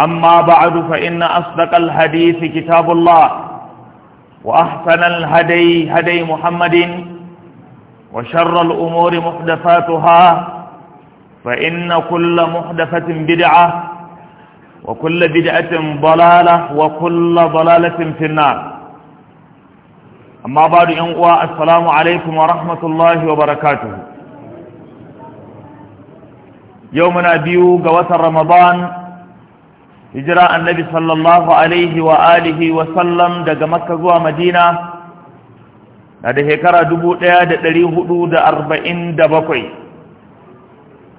أما بعد فإن أصدق الحديث كتاب الله وأحسن الهدي هدي محمد وشر الأمور محدثاتها فإن كل محدثة بدعة وكل بدعة ضلالة وكل ضلالة في النار أما بعد أنقوى السلام عليكم ورحمة الله وبركاته يومنا بيو قوة رمضان hijira annabi sallallahu alaihi wa alihi wa sallam daga makka zuwa madina na da shekara bakwai,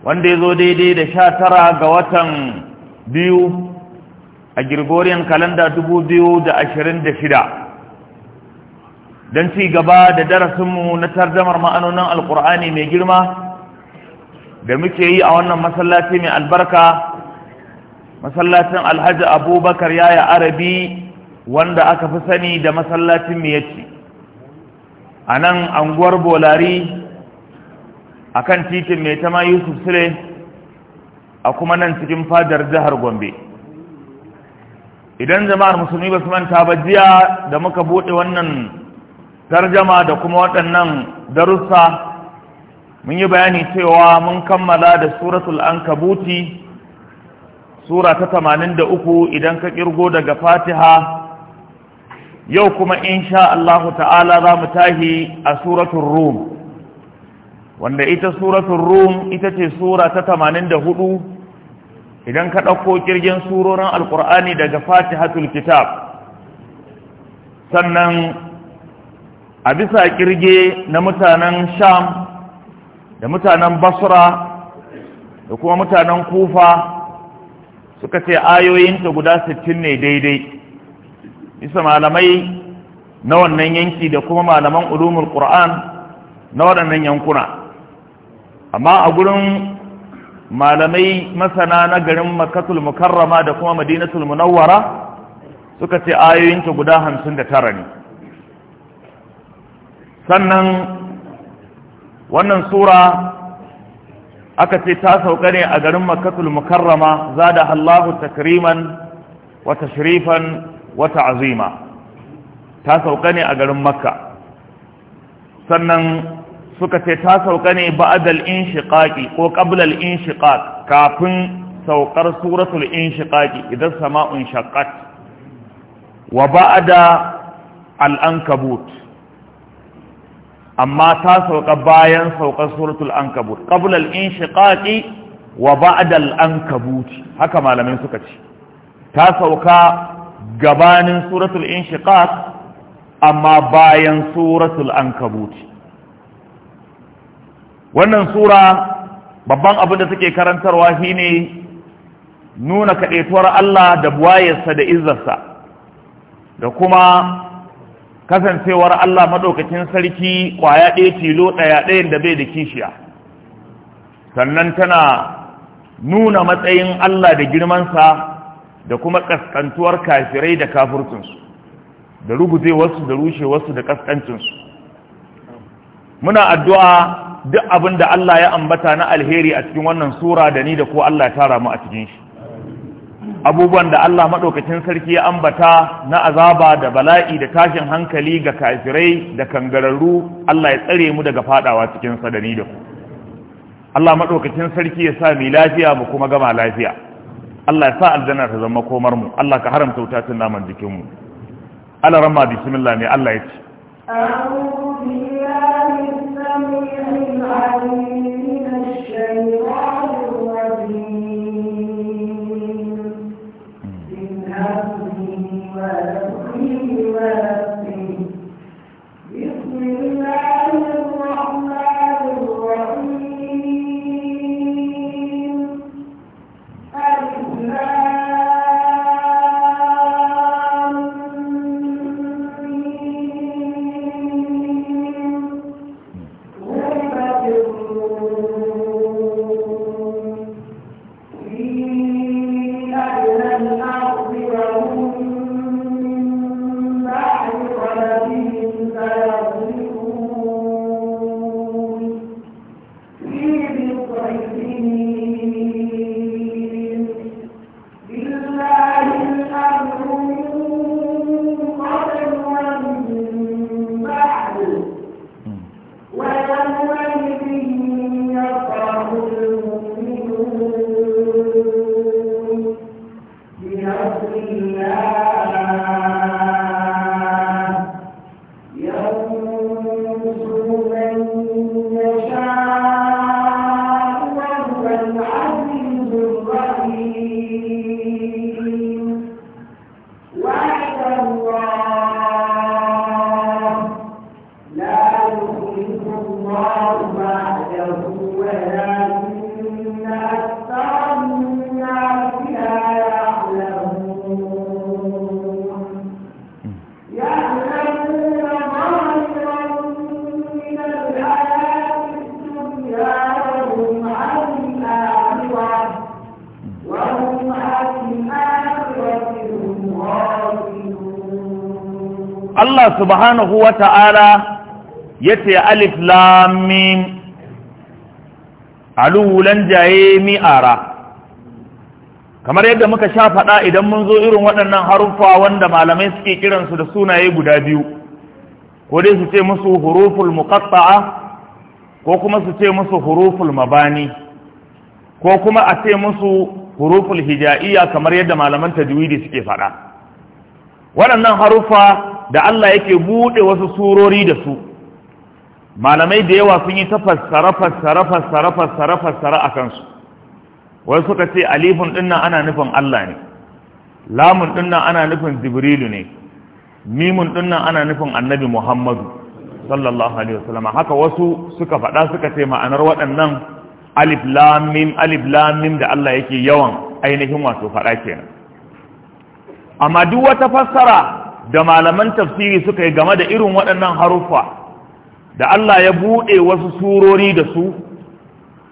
wanda ya zo daidai da sha tara ga watan biyu a girgoriyan kalanda shida. don ci gaba da darasinmu na tarjamar ma'anonin alkur'ani mai girma da muke yi a wannan masallaci mai albarka masallacin alhaji abubakar yaya arabi wanda aka fi sani da masallacin miyacci a nan anguwar bolari a kan titin mai tama yusuf sule a kuma nan cikin fadar jihar gombe idan jama'ar musulmi ba su manta ba jiya da muka buɗe wannan tarjama da kuma waɗannan darussa mun yi bayani cewa mun kammala da suratul ankabuti sura ta tamanin da uku idan ka kirgo daga fatiha yau kuma in sha Allahu ta'ala za mu tahi a suratun rum wanda ita suratun rum ita ce sura ta tamanin da hudu idan ka ɗauko kirgin surorin alƙur'ani daga fatihatul kitab sannan a bisa ƙirge na mutanen sham da mutanen basra da kuma mutanen kufa suka ce ayoyinta guda sittin ne daidai bisa malamai na wannan yanki da kuma malaman ulumul qur'an na waɗannan yankuna amma a gurin malamai masana na garin makatul mukarrama da kuma madinatul munawwara suka ce ayoyinta guda 59 da tara ne sannan wannan sura aka ce ta sauka ne a garin makatul mukarrama zada Allahu takriman wa tashrifan wa ta'zima ta sauka ne a garin makka sannan suka ce ta sauka ne ba'dal inshiqaqi ko qabla al-inshiqaq kafin saukar suratul inshiqaqi idan sama'un shaqqat wa ba'ada al-ankabut amma ta sauka bayan saukar suratul ankabut qabla al-inshiqaqi wa ba'da al-ankabut haka malamin suka ce ta sauka gabanin suratul inshiqaq amma bayan suratul ankabut wannan sura babban abin da take karantarwa shine nuna kadaituwar Allah da buwayarsa da izzarsa da kuma kasancewar Allah madaukakin sarki kwaya ɗaya tilo ɗaya ɗayan da bai da kishiya sannan tana nuna matsayin Allah da girmansa da kuma kaskantuwar kafirai da kafurcinsu da wasu da wasu da kaskancinsu muna addu'a duk abin da Allah ya ambata na alheri a cikin wannan sura da ni da ko Allah ya tara mu a cikin shi abubuwan da Allah maɗaukacin sarki ya ambata na azaba da bala'i da tashin hankali ga kafirai da kangararru Allah ya tsare mu daga fadawa cikin sadani da ku Allah maɗaukacin sarki ya sa mu lafiya mu kuma gama lafiya Allah ya sa aljanna ta zama komar mu Allah ka haramta wuta tun naman jikin mu Allah ramma bismillah ne Allah ya ce أعوذ بالله السميع العليم subhanahu wa ta'ala ya ce alif lamin alulan jaye mi'ara kamar yadda muka sha faɗa idan mun zo irin waɗannan haruffa wanda malamai suke kiransu da sunaye guda biyu ko dai su ce musu huruful muqatta'a ko kuma su ce musu huruful mabani ko kuma a ce musu huruful hija'iyya kamar yadda malaman tajwidi suke faɗa waɗannan haruffa da Allah yake buɗe wasu surori da su malamai da yawa sun yi ta fassara fassara fassara fassara a kansu wasu suka ce alifin dinnan ana nufin Allah ne lamun dinnan ana nufin jibrilu ne mimun dinnan ana nufin annabi muhammadu sallallahu alaihi wasallam haka wasu suka faɗa suka ce ma'anar waɗannan alif lam mim alif lam mim da Allah yake yawan ainihin wato faɗa kenan amma duk wata fassara da malaman tafsiri suka yi game da irin waɗannan haruffa da Allah ya buɗe wasu surori da su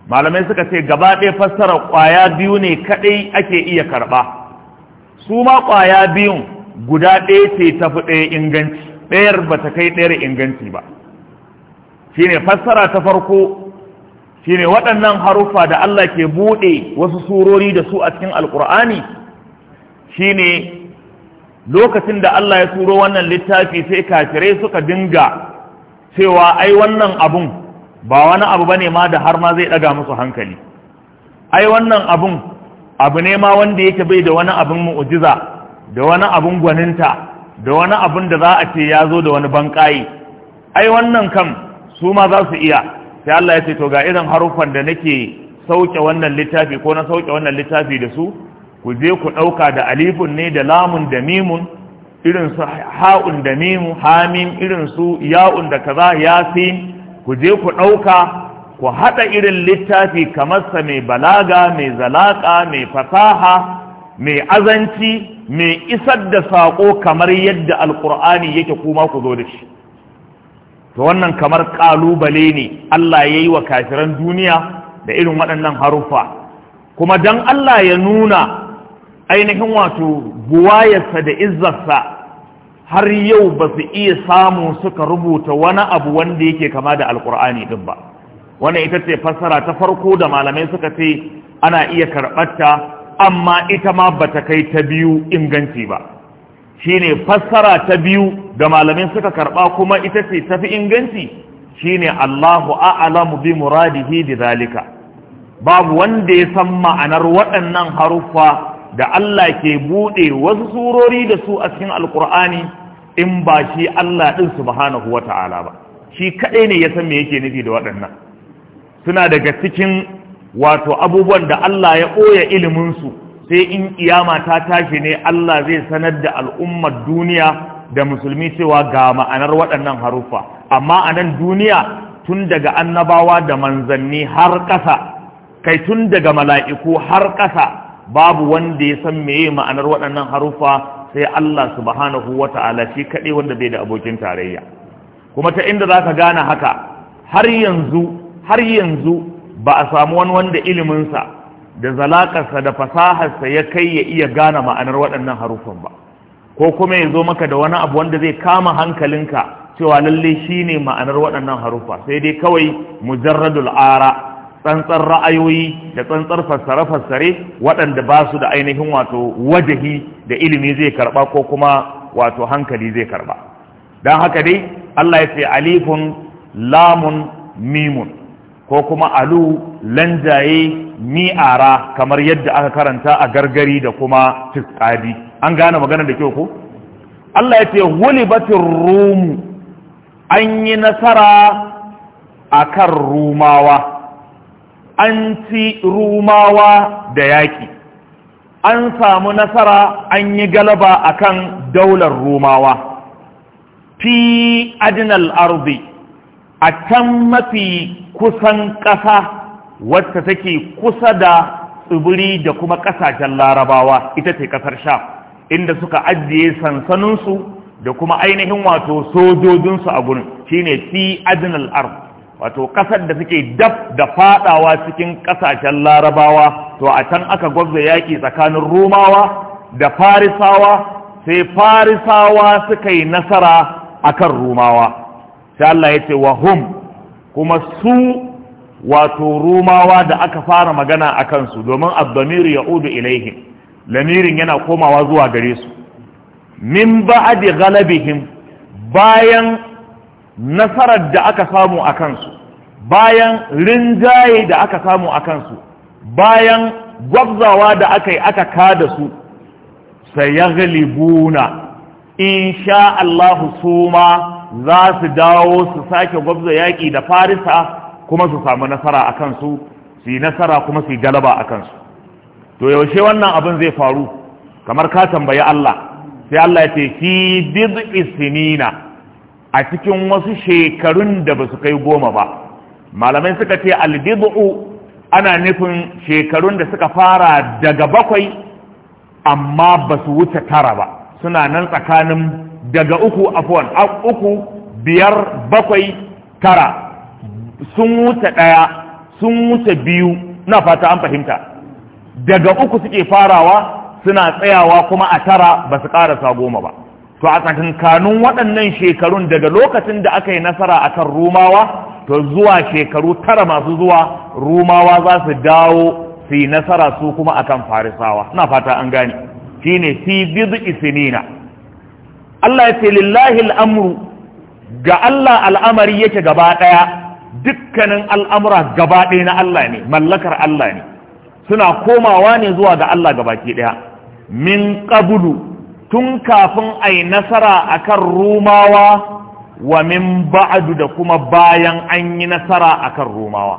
malamai suka ce gaba ɗaya fassara ƙwaya biyu ne kaɗai ake iya karɓa su ma ƙwaya biyun guda ɗaya ce ta fi ɗaya inganci ɗayar ba ta kai ɗayar inganci ba shi ne fassara ta farko shi ne waɗannan haruffa da Allah ke buɗe wasu surori da su a cikin alƙur'ani shi ne lokacin da Allah ya turo wannan littafi sai kafire suka dinga cewa ai wannan abun ba wani abu bane ma da har ma zai daga musu hankali ai wannan abun abu ne ma wanda yake bai da wani abun mu'jiza da wani abun gwaninta da wani abun da za a ce ya zo da wani bankayi ai wannan kam su ma za su iya sai Allah ya ce to ga irin haruffan da nake sauke wannan littafi ko na sauke wannan littafi da su ku je ku ɗauka da alifun ne da lamun da mimun irin su ha'un da mimu hamim irin su ya'un da kaza yasin ku je ku ɗauka ku haɗa irin littafi kamar sa mai balaga mai zalaƙa mai fasaha mai azanci mai isar da saƙo kamar yadda alƙur'ani yake kuma ku zo da shi to wannan kamar ƙalubale ne Allah ya yi wa kafiran duniya da irin waɗannan haruffa kuma don Allah ya nuna ainihin wato buwayarsa da izzarsa har yau ba su iya samu suka rubuta wani abu wanda yake kama da alkur'ani din ba wannan ita ce fassara ta farko da malamai suka ce ana iya karɓarta amma ita ma bata kai ta biyu inganci ba shine fassara ta biyu da malamai suka karɓa kuma ita ce tafi inganci shine Allahu a'lamu bi muradihi da zalika babu wanda ya san ma'anar waɗannan haruffa da Allah ke buɗe wasu surori da su a cikin alkur'ani in ba shi Allah ɗin subhanahu wa ta'ala ba shi kaɗai ne ya san me yake nufi da waɗannan suna daga cikin wato abubuwan da Allah ya ɓoye iliminsu sai in kiyama ta tashi ne Allah zai sanar da al'ummar duniya da musulmi cewa ga ma'anar waɗannan haruffa amma a nan duniya tun daga annabawa da manzanni har ƙasa kai tun daga mala'iku har ƙasa babu wanda ya san meye ma'anar waɗannan harufa sai Allah subhanahu wata'ala shi kaɗai wanda bai da abokin tarayya kuma ta inda za ka gane haka har yanzu har yanzu ba a samu wani wanda iliminsa da zalakarsa da fasaharsa ya kai ya iya gane ma'anar waɗannan harufan ba ko kuma ya zo maka da wani abu wanda zai kama hankalinka cewa lalle shine ma'anar waɗannan harufa sai dai kawai mujarradul ara tsantsar ra'ayoyi da tsantsar fassare-fassare waɗanda ba su da ainihin wato wajahi da ilimi zai karɓa ko kuma wato hankali zai karɓa. don haka dai Allah ya ce alifun lamun mimun ko kuma alu lanjaye mi'ara kamar yadda aka karanta a gargari da kuma fiskadi an gane maganar da kyau ko Allah ya ce hulibatin rumu. an yi nasara a kan rumawa an ci rumawa da yaƙi an samu nasara an yi galaba akan daular rumawa fi adinal arzi a can mafi kusan ƙasa wacce take kusa da tsibiri da kuma ƙasashen larabawa ita ce ƙasar sha inda suka ajiye sansaninsu da kuma ainihin wato sojojinsu a gurin shine fi adinal arzi wato kasar da suke dab da fadawa cikin kasashen larabawa to a can aka gwabza yaki tsakanin rumawa da farisawa sai farisawa suka yi nasara akan rumawa sai Allah ya ce wa hum kuma su wato rumawa da aka fara magana a kansu domin abdamir ya udu ilaihim lamirin yana komawa zuwa gare su min ba'adi galabihim bayan nasarar da aka samu a kansu bayan rinjaye da aka samu a kansu bayan gwabzawa da aka yi aka kada su sai ya galibuna in sha Allahu su ma za su dawo su sake gwabza yaƙi da farisa kuma su samu nasara a kansu su yi nasara kuma su yi galaba a kansu to yaushe wannan abin zai faru kamar ka tambayi Allah sai Allah ya ce fi bid'i sinina a cikin wasu shekarun da ba su kai goma ba malamai suka ce albidu ana nufin shekarun da suka fara daga bakwai amma ba su wuce tara ba suna nan tsakanin daga uku afuwan uku biyar bakwai tara sun wuce ɗaya sun wuce biyu na fata an fahimta daga uku suke farawa suna tsayawa kuma a tara ba su ƙarasa goma ba to a tsakankanin waɗannan shekarun daga lokacin da aka yi nasara a kan rumawa to zuwa shekaru tara masu zuwa rumawa za su dawo su yi nasara su kuma akan farisawa na fata an gane ne fi bizu isinina Allah ya ce lillahi al'amuru ga Allah al'amari yake gaba ɗaya dukkanin al'amura gaba ɗaya na Allah ne mallakar Allah ne suna komawa ne zuwa ga Allah gabaki ɗaya min qablu tun kafin a yi nasara a kan rumawa wa min ba'adu da kuma bayan an yi nasara a kan rumawa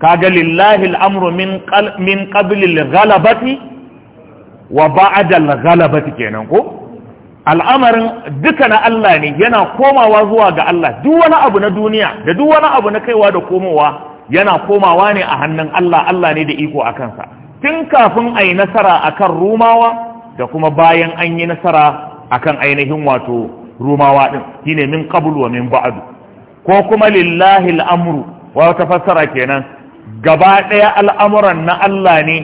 kaga lillahi al'amru min ƙabilil galabati wa ba'adal galabati kenan ko al'amarin duka na Allah ne yana komawa zuwa ga Allah duk wani abu na duniya da duk wani abu na kaiwa da komowa yana komawa ne a hannun Allah Allah ne da iko a kansa tun kafin a yi nasara a kan rumawa da kuma bayan an yi nasara akan ainihin wato rumawa din shine min qablu wa min ba'adu ko kuma lillahi al'amru wa wata fassara kenan gaba daya al'amuran na Allah ne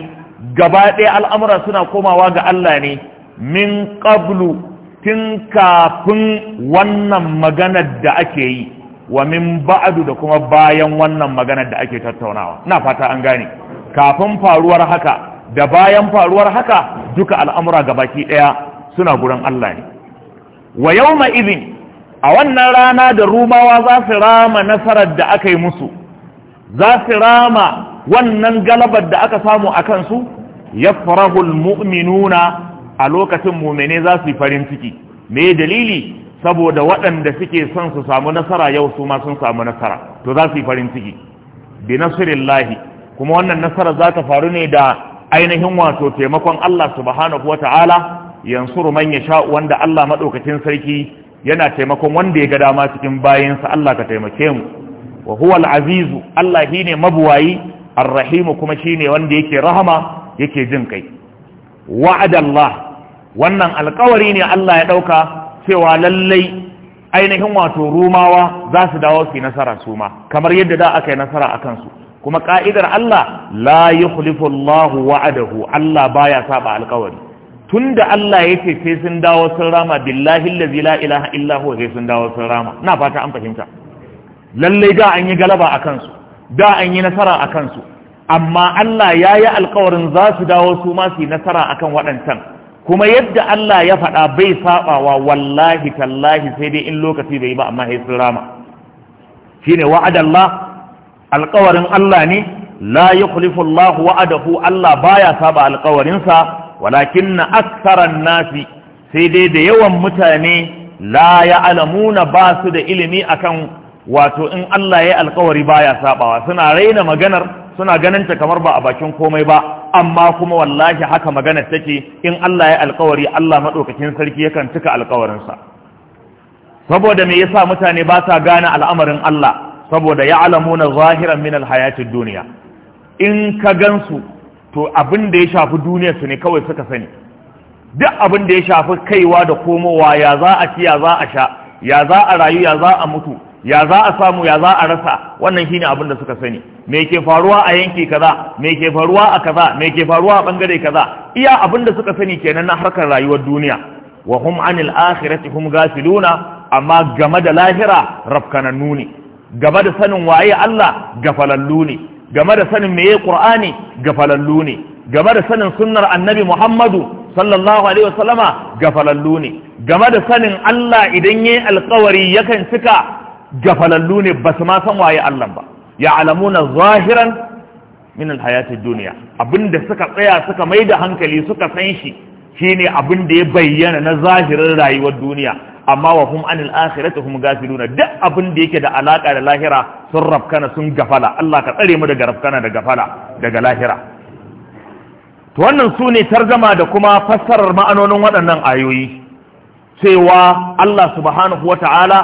gaba daya al'amura suna komawa ga Allah ne min qablu tun kafin wannan maganar da ake yi wa min ba'du da kuma bayan wannan maganar da ake tattaunawa ina fata an gane kafin faruwar haka da bayan faruwar haka duka al'amura ga baki ɗaya suna gurin Allah ne wa yau izin a wannan rana da rumawa za su rama nasarar da aka yi musu za su rama wannan galabar da aka samu a kansu ya farahul mu'minuna a lokacin mumene za su yi farin ciki me dalili saboda waɗanda suke son su samu nasara yau su ma sun samu nasara to za su yi farin ciki bi nasirillahi kuma wannan nasara za ta faru ne da ainihin wato taimakon Allah subhanahu wa ta'ala yansuru man yasha wanda Allah madaukakin sarki yana taimakon wanda ya ga dama cikin bayansa Allah ka taimake mu wa huwa al-azizu Allah shine mabuwayi ar-rahim kuma shine wanda yake rahama yake jin kai wa'ada Allah wannan alƙawari ne Allah ya dauka cewa lallai ainihin wato rumawa za su dawo su nasara su ma kamar yadda da aka yi nasara akan su kuma ka'idar Allah la yukhlifu Allahu wa'adahu Allah baya saba alƙawari tunda Allah ce sai sun dawo sun rama billahi la ilaha illahu, sai sun dawo sun rama ina fata an fahimta Lallai, da an yi galaba a kansu da an yi nasara a kansu amma Allah ya yi alƙawarin za su dawo su ma su yi nasara akan waɗancan kuma yadda Allah ya faɗa bai saɓawa, wallahi tallahi sai dai in lokaci bai yi ba amma sai sun rama shine wa'adallah alkawarin Allah ne la yukhlifu Allah wa'adahu Allah baya saba alkawarinsa na aksaran nasi sai dai da yawan mutane la ya alamuna ba su da ilimi akan wato in Allah ya alkawari baya sabawa suna raina maganar suna ganin ta kamar ba a bakin komai ba amma kuma wallahi haka maganar take in Allah ya alkawari Allah madaukakin sarki yakan cika alkawarinsa saboda me yasa mutane ba sa gane al'amarin Allah saboda ya alamuna zahiran minal hayatin duniya in ka gansu to abin da ya shafi duniyar su ne kawai suka sani duk abin da ya shafi kaiwa da komowa ya za a ci ya za a sha ya za a rayu ya za a mutu ya za a samu ya za a rasa wannan shine abin da suka sani me ke faruwa a yanki kaza me ke faruwa a kaza me ke faruwa a bangare kaza iya abin da suka sani kenan na harkar rayuwar duniya wa hum anil akhirati hum gafiluna amma game da lahira rafkananu ne game da sanin waye Allah ga falallu ne game da sanin meye Qur'ani falallu ne game da sanin sunnar Annabi Muhammadu sallallahu alaihi wasallama falallu ne game da sanin Allah idan yayi alƙawari yakan cika ga falallu ne ba su ma san waye Allah ba ya'lamuna zahiran min alhayati dunya abinda suka tsaya suka maida hankali suka san shi shine abin da ya bayyana na zahirin rayuwar duniya amma wa hum anil akhirati hum gafiluna duk abin da yake da alaka da lahira sun rafkana sun gafala Allah ka tsare mu daga rafkana da gafala daga lahira to wannan sune tarjama da kuma fassarar ma'anonin waɗannan ayoyi cewa Allah subhanahu wata'ala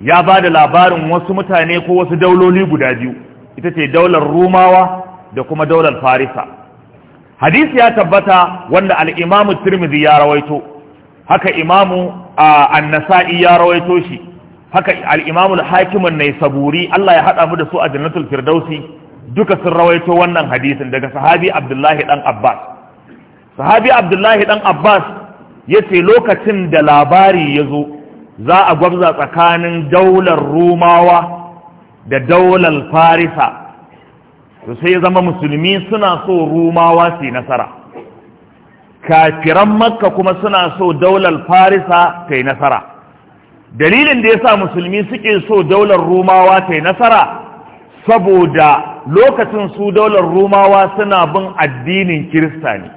ya ba da labarin wasu mutane ko wasu dauloli guda biyu ita ce daular rumawa da kuma daular farisa hadisi ya tabbata wanda al'imamu tirmidhi ya rawaito haka imamu annasa'i ya rawaito shi haka al-imam al-hakim naisaburi Allah ya haɗa mu da su a jannatul firdausi duka sun rawaito wannan hadisin daga sahabi abdullahi dan abbas sahabi abdullahi dan abbas yace lokacin da labari ya zo za a gwabza tsakanin daular rumawa da daular farisa sai ya zama musulmi suna so rumawa su yi nasara kafiran makka kuma suna so daular farisa ta yi nasara dalilin da ya sa musulmi suke so daular rumawa ta yi nasara saboda lokacin su daular rumawa suna bin addinin kirista ne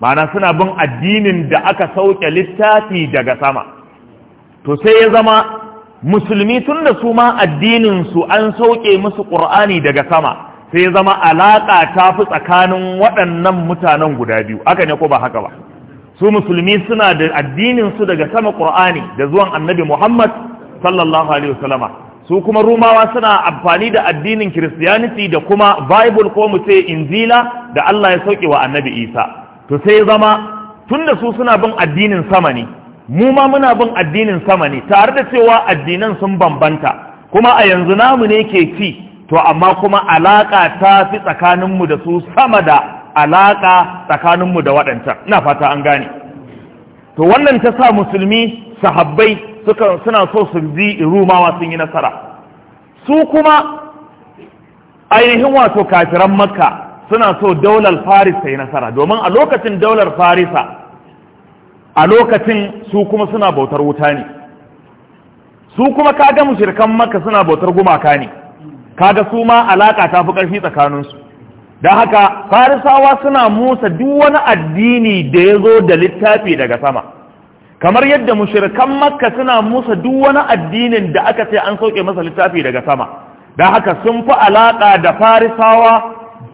mana suna bin addinin da aka sauke littafi daga sama to sai ya zama musulmi tun da su ma addininsu an sauke musu ƙur'ani daga sama sai zama alaƙa ta fi tsakanin waɗannan mutanen guda biyu aka ne ko ba haka ba su musulmi suna da addinin su daga sama ƙur'ani da zuwan annabi muhammad sallallahu alaihi wasallama su kuma rumawa suna amfani da addinin christianity da kuma bible ko mu ce injila da allah ya sauke wa annabi isa to sai zama da su suna bin addinin sama ne mu ma muna bin addinin sama ne tare da cewa addinan sun bambanta kuma a yanzu namu ne ke ci to amma kuma alaka ta fi tsakaninmu da su sama da alaka tsakaninmu da waɗancan ina fata an gane to wannan ta sa musulmi sahabbai suka suna so su ji rumawa sun yi nasara su kuma ainihin wato kafiran makka suna so daular faris ta yi nasara domin a lokacin daular farisa a lokacin su kuma suna bautar wuta ne su kuma kaga shirkan makka suna bautar gumaka ne kaga su ma alaka ta fi ƙarfi tsakaninsu don haka farisawa suna musa duk wani addini da ya zo da littafi daga sama kamar yadda mushirikan makka suna musa duk wani addinin da aka ce an sauke masa littafi daga sama don haka sun fi alaka da farisawa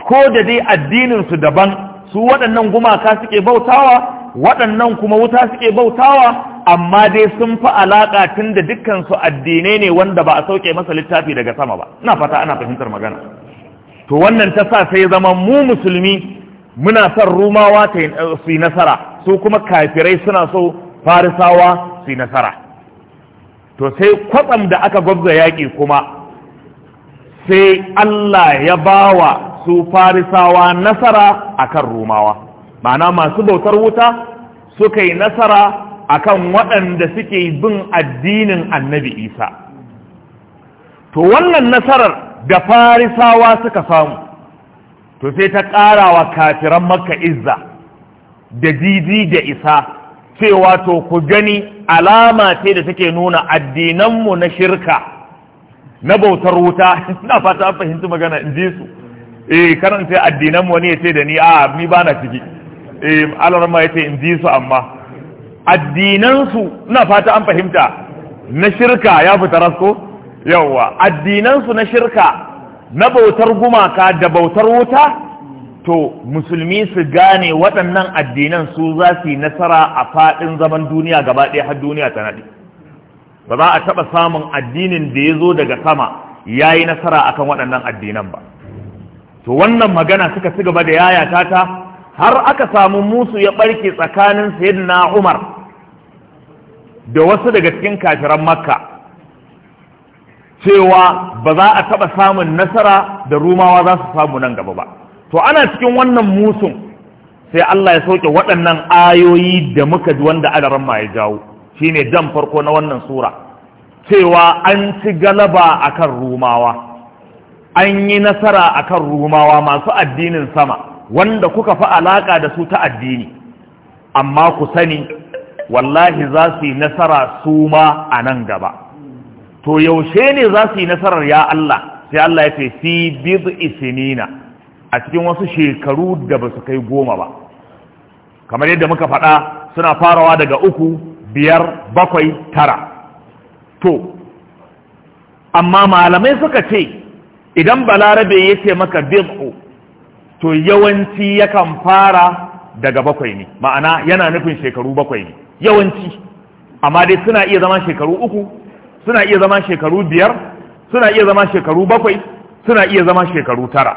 ko da dai addininsu daban su waɗannan gumaka suke bautawa waɗannan kuma wuta suke bautawa amma dai sun fi alaƙa tun da dukkansu addinai ne wanda ba a sauke masa littafi daga sama ba ina fata ana fahimtar magana to wannan ta sa sai zama mu musulmi muna son rumawa ta eh, yi nasara su kuma kafirai suna so farisawa su yi nasara to sai kwatsam da aka gwabza yaƙi kuma sai Allah ya bawa su farisawa nasara akan rumawa ma'ana masu bautar wuta suka yi nasara akan waɗanda suke bin addinin annabi isa to wannan nasarar da farisawa suka samu to sai ta ƙara wa kafiran maka izza da didi da isa cewa to ku gani alama ce da take nuna addinanmu na shirka na bautar wuta na fata fahimci magana in ji su eh karanta addinanmu wani ya ce da ni a ni ba na ciki eh alarma ya ce in ji su amma addinansu na fata an fahimta na shirka ya fita rasko yawwa addinansu na shirka na bautar gumaka da bautar wuta to musulmi su gane waɗannan addinan su za su yi nasara a faɗin zaman duniya gaba ɗaya har duniya ta naɗi ba za a taɓa samun addinin da ya zo daga sama ya yi nasara akan waɗannan addinan ba to wannan magana suka ci gaba da yayata ta har aka samu musu ya barke tsakanin sayyidina Umar da wasu daga cikin kafiran Makka cewa ba za a taɓa samun nasara da rumawa za su samu nan gaba ba to ana cikin wannan musun sai Allah ya sauke waɗannan ayoyi da muka ji wanda adaran ma ya jawo shine dan farko na wannan sura cewa an ci galaba akan rumawa an yi nasara akan rumawa masu addinin sama wanda kuka fi alaka da su ta addini amma ku sani wallahi za su yi nasara su ma a nan gaba to yaushe ne za su yi nasarar ya Allah sai Allah ya ce fi bid'i isinina a cikin wasu shekaru da ba su kai goma ba kamar yadda muka faɗa suna farawa daga uku biyar bakwai tara to amma malamai suka ce idan balarabe ya ce maka bid'u to yawanci yakan fara daga bakwai ne ma'ana yana nufin shekaru bakwai ne yawanci amma dai suna iya zama shekaru uku suna iya zama shekaru biyar suna iya zama shekaru bakwai suna iya zama shekaru tara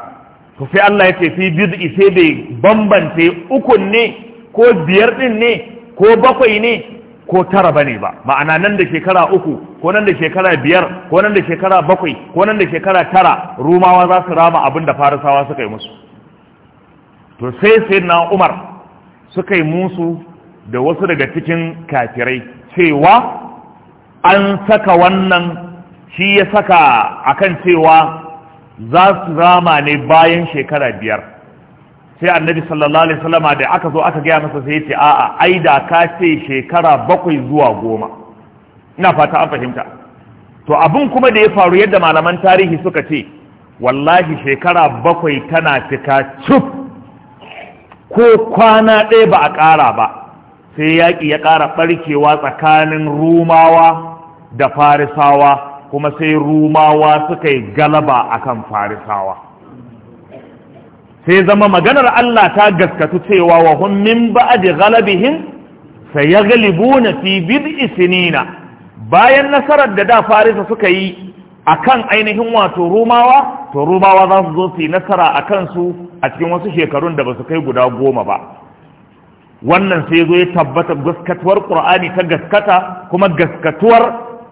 to sai Allah ya ce fi bid'i sai bai bambance ukun ne ko biyar din ne ko bakwai ne ko tara bane ba ma'ana nan da shekara uku ko nan da shekara biyar ko nan da shekara bakwai ko nan da shekara tara rumawa za su rama abin da farisawa suka yi musu to sai sai na umar suka yi musu da wasu daga cikin kafirai cewa an saka wannan shi ya saka akan cewa za su rama ne bayan shekara biyar sai annabi sallallahu alaihi wasallama da aka zo aka gaya masa sai ce a'a ai da ka ce shekara bakwai zuwa goma ina fata an fahimta to abin kuma da ya faru yadda malaman tarihi suka ce wallahi shekara bakwai tana cika cuf ko kwana ɗaya ba a ƙara ba sai yaƙi ya ƙara ɓarkewa tsakanin rumawa da farisawa kuma sai rumawa suka yi galaba akan farisawa sai zama maganar Allah ta gaskatu cewa wa hun min ya galibu na fi bid'i sinina bayan nasarar da da farisa suka yi a kan ainihin wato rumawa to rumawa za su zo su yi nasara a kansu. a cikin wasu shekarun da ba su kai guda goma ba wannan sai zo ya tabbata gaskatuwar Kur'ani ta gaskata kuma gaskatuwar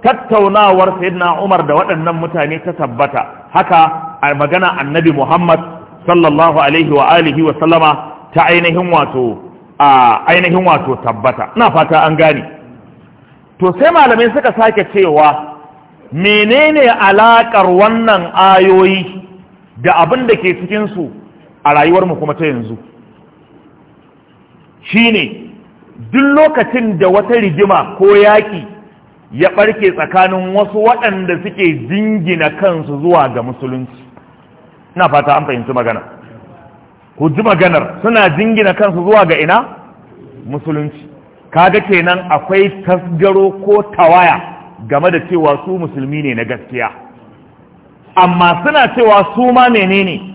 tattaunawar sayyidina umar da waɗannan mutane ta tabbata haka a magana annabi muhammad sallallahu alaihi wa alihi wa sallama ta ainihin wato a ainihin wato tabbata ina fata an gane to sai malamai suka sake cewa menene alaƙar wannan ayoyi da abin da ke cikinsu a rayuwarmu kuma ta yanzu shine duk lokacin da wata rigima ko yaƙi ya ɓarke tsakanin wasu waɗanda suke jingina kansu zuwa ga musulunci na fata an fahimci magana ku ji maganar suna jingina kansu zuwa ga ina musulunci kaga kenan akwai tasgaro ko tawaya game da cewa su musulmi ne na gaskiya amma suna cewa su ma menene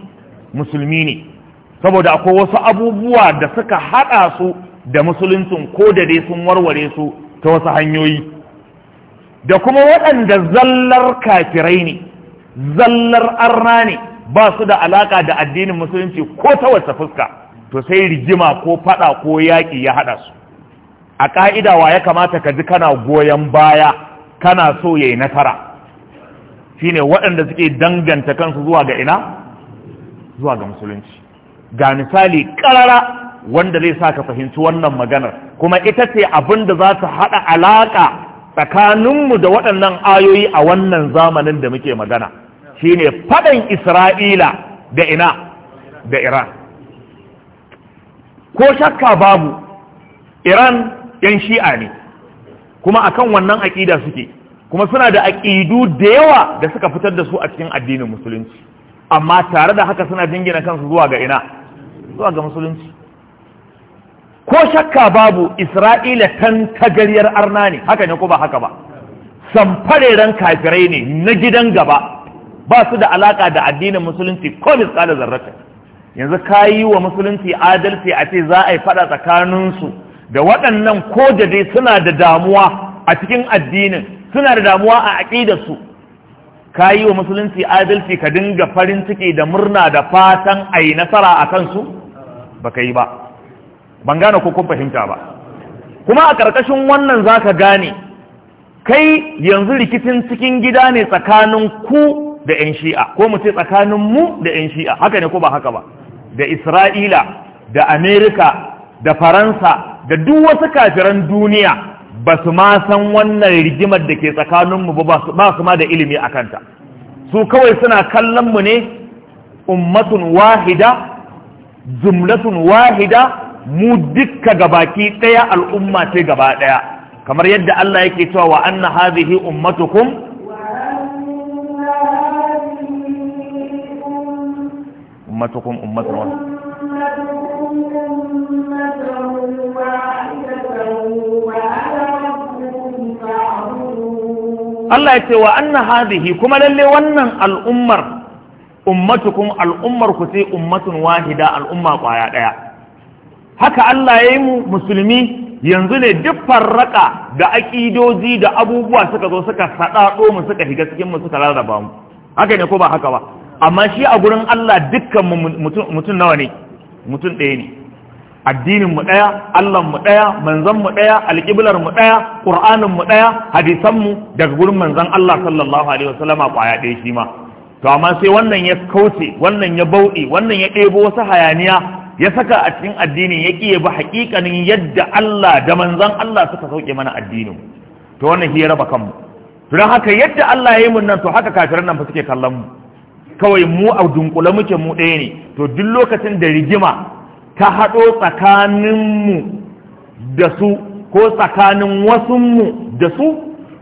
musulmi ne saboda akwai wasu abubuwa da suka haɗa su da musuluncin ko da dai sun warware su ta wasu hanyoyi da kuma waɗanda zallar kafirai ne zallar arna ne ba su da alaƙa da addinin musulunci ko ta wasu fuska to sai rigima ko faɗa ko yaƙi ya haɗa su a ƙa'ida wa ya kamata ka ji kana goyon baya kana so ya yi nasara shine waɗanda suke danganta kansu zuwa ga ina zuwa ga musulunci ga misali karara wanda zai sa ka fahimci wannan maganar kuma ita ce abin da za ta haɗa alaƙa tsakaninmu da waɗannan ayoyi a wannan zamanin da muke magana shine faɗan isra'ila da ina da iran ko shakka babu iran yan shi'a ne kuma akan wannan aƙida suke kuma suna da aƙidu da yawa da suka fitar da su a cikin addinin musulunci amma tare da haka suna jingina kansu zuwa ga ina zuwa ga musulunci ko shakka babu isra'ila tan tagaryar arna ne haka ne ko ba haka ba samfareren kafirai ne na gidan gaba ba su da alaka da addinin musulunci ko kada zarrata yanzu ka yi wa musulunci adalci a ce za a yi fada tsakaninsu da waɗannan ko da dai suna da damuwa a cikin addinin suna da damuwa a aƙidarsu ka yi wa musulunci adalci ka dinga farin ciki da murna da fatan a yi nasara a kansu ba ka yi ba ban gane ko kun fahimta ba kuma a ƙarƙashin wannan za ka gane kai yanzu rikicin cikin gida ne tsakanin ku da 'yan shi'a ko mu ce tsakanin mu da 'yan shi'a haka ne ko ba haka ba da isra'ila da amerika da faransa da duk wasu kafiran duniya ba su ma san wannan rigimar da ke tsakaninmu ba ba su ma da ilimi a kanta su kawai suna kallon mu ne ummatun wahida jumlatun wahida mu dukka gabaki ɗaya al'umma ce gaba ɗaya kamar yadda Allah yake cewa wa anna hadhihi ummatukum ummatukum ummatun wahida Allah ya ce wa anna hadhihi kuma lalle wannan al'ummar ummatukum al'ummar ku sai ummatun wahida al'umma kwaya daya haka Allah ya yi mu musulmi yanzu ne duk farraka da aƙidoji da abubuwa suka zo suka saɗaɗo mu suka shiga cikin mu suka rarraba mu haka ne ko ba haka ba amma shi a gurin Allah dukkan mutum nawa ne mutum ɗaya ne addinin mu daya Allah mu daya manzon mu daya alƙiblar mu daya Qur'anin mu daya hadisan mu daga gurin manzon Allah sallallahu alaihi wasallama kwaya ɗaya shi ma to amma sai wannan ya kauce wannan ya bauɗi wannan ya ɗebo wasu hayaniya ya saka a cikin addinin ya ƙi bi haƙiƙanin yadda Allah da manzon Allah suka sauke mana addinin to wannan shi ya raba kanmu to don haka yadda Allah ya yi mun nan to haka kafiran nan fa suke kallon mu kawai mu a dunkule muke mu ɗaya ne to duk lokacin da rigima ta haɗo tsakaninmu da su ko tsakanin wasunmu da su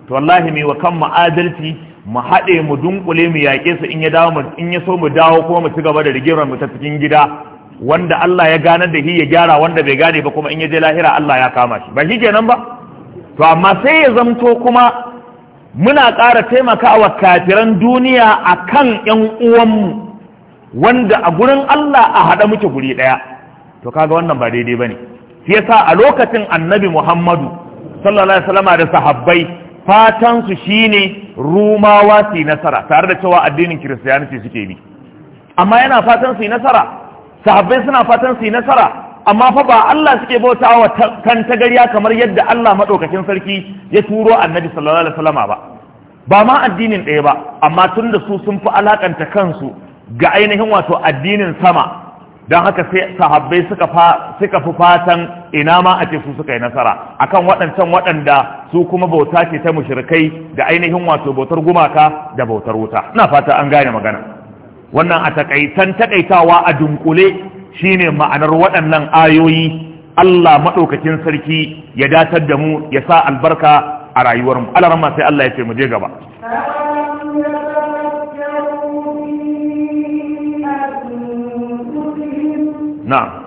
to wallahi mai wa kan adalci mu haɗe mu dunkule mu yaƙe su in ya dawo in ya so mu dawo kuma mu ci gaba da rigimar mu ta cikin gida wanda Allah ya ganar da shi ya gyara wanda bai gane ba kuma in ya je lahira Allah ya kama shi ba shi kenan ba to amma sai ya zamto kuma muna ƙara taimakawa kafiran duniya akan ƴan uwanmu wanda a gurin Allah a haɗa muke guri ɗaya to kaga wannan ba daidai bane shi yasa a lokacin annabi Muhammadu sallallahu alaihi wasallam da sahabbai fatan su shine rumawa su nasara tare da cewa addinin kiristiyanci suke bi amma yana fatan su nasara sahabbai suna fatan su nasara amma fa ba Allah suke bautawa kan gariya kamar yadda Allah madaukakin sarki ya turo annabi sallallahu alaihi wasallama ba ba ma addinin ɗaya ba amma tunda su sun fi alakanta kansu ga ainihin wato addinin sama don haka sai sahabbai suka fi fatan ina ma a ce su suka yi nasara akan waɗancan waɗanda su kuma bauta ce ta mushirkai da ainihin wato bautar gumaka da bautar wuta ina fata an gane magana wannan a takaitan takaitawa a dunkule shine ma'anar waɗannan ayoyi Allah maɗaukakin sarki ya datar da mu ya sa albarka a rayuwarmu alarma sai Allah ya ce mu je gaba na'am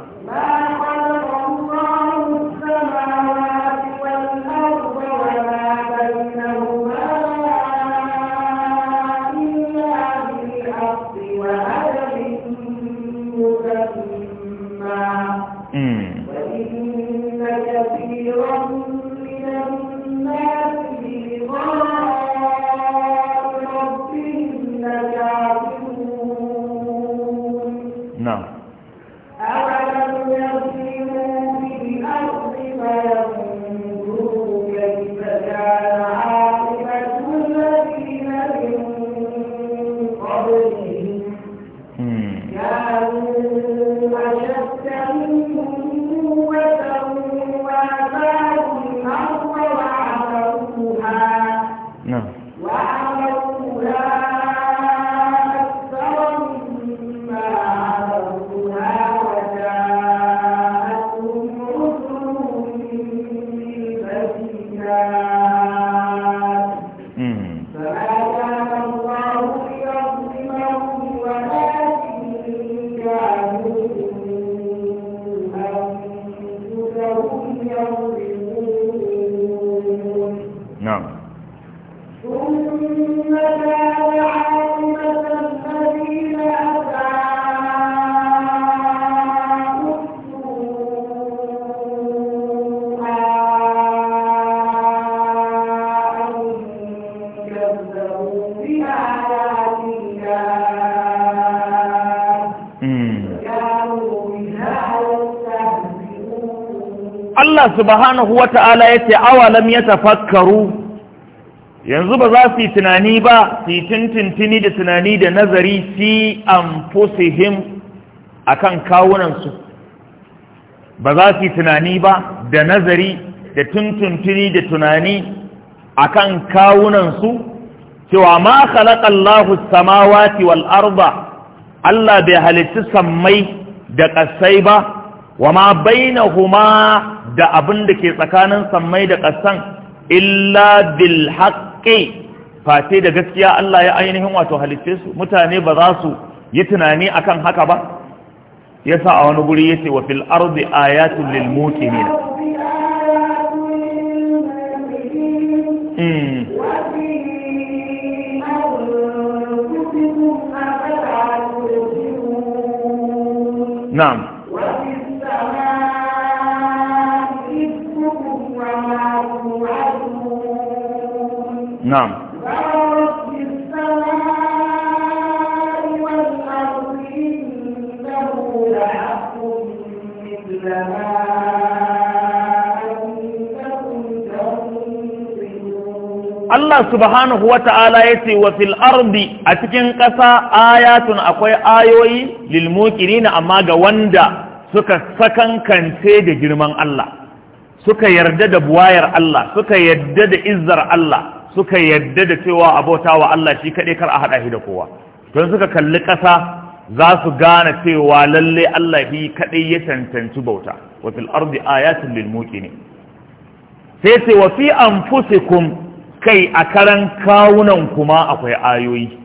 Allah subhanahu wa ta'ala ya ce awalam ya tafakkaru yanzu ba za su yi tunani ba su yi tintintini da tunani da nazari fi anfusihim akan kawunansu ba za su yi tunani ba da nazari da tuntuntuni da tunani akan kawunansu cewa ma khalaqallahu samawati wal arda Allah bai halitta sammai da ƙasai ba wa ma huma da abin da ke tsakanin sammai da ƙasan illa bil haqqi fate da gaskiya Allah ya ainihin wato halice su mutane ba za su yi tunani akan haka ba yasa a wani guri yace wa fil ardi ayatul lil muqinin mm. نعم Allah subhanahu wa ta'ala ya ce wa fil ardi a cikin ƙasa ayatun akwai ayoyi muqirina amma ga wanda suka sakankance da girman Allah suka yarda da buwayar Allah suka yarda da izzar Allah suka yadda da cewa abota wa Allah shi kaɗai kar a haɗa shi da kowa don suka kalli ƙasa za su gane cewa lalle Allah shi kaɗai ya cancanci bauta wa fil ardi ayatul lil ne. sai ce wa fi anfusikum kai a karan kawunan kuma akwai ayoyi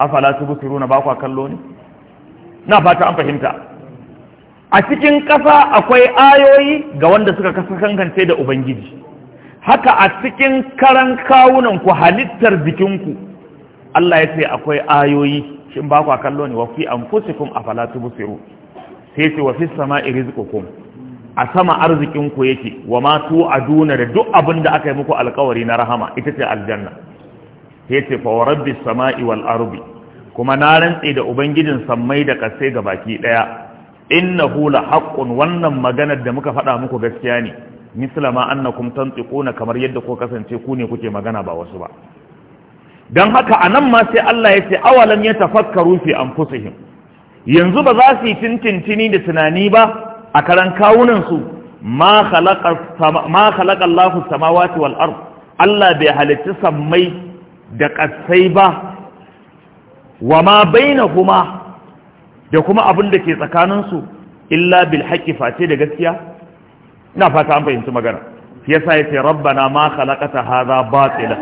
afala tubsiruna ba ku kallo ne na fata an fahimta a cikin ƙasa akwai ayoyi ga wanda suka kasa kankance da ubangiji haka a cikin karan kawunan ku halittar jikinku Allah ya ce akwai ayoyi shin ba ku a kallo ne wa fi anfusikum afala tubsiru sai ce wa fi sama'i rizqukum a sama arzikin arzikinku yake wa ma duna da duk abin da aka yi muku alkawari na rahama ita ce aljanna sai ce fa sama'i wal ardi kuma na rantse da ubangijin sammai da kasai ga baki daya innahu hula haqqun wannan maganar da muka faɗa muku gaskiya ne misla ma annakum tantiquna kamar yadda ko kasance ku ne kuke magana ba wasu ba dan haka anan ma sai Allah ya ce ya tafakkaru fi anfusihim yanzu ba za su yi tintintini da tunani ba a karan kawunan su ma khalaqa ma khalaqa Allahu samawati wal ard Allah bai halitta sammai da kasai ba wa ma bainahuma da kuma abin da ke tsakaninsu illa bil haqqi face da gaskiya ina fata an fahimci magana yasa yace rabbana ma khalaqata hadha batila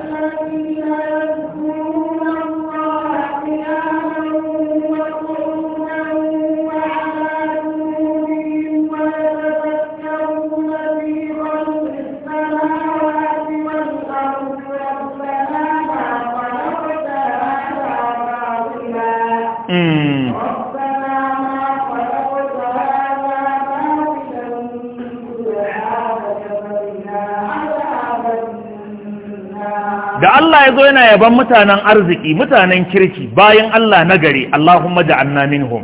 da Allah ya zo yana yaban mutanen arziki mutanen kirki bayan Allah nagari, gari Allahumma ja'alna minhum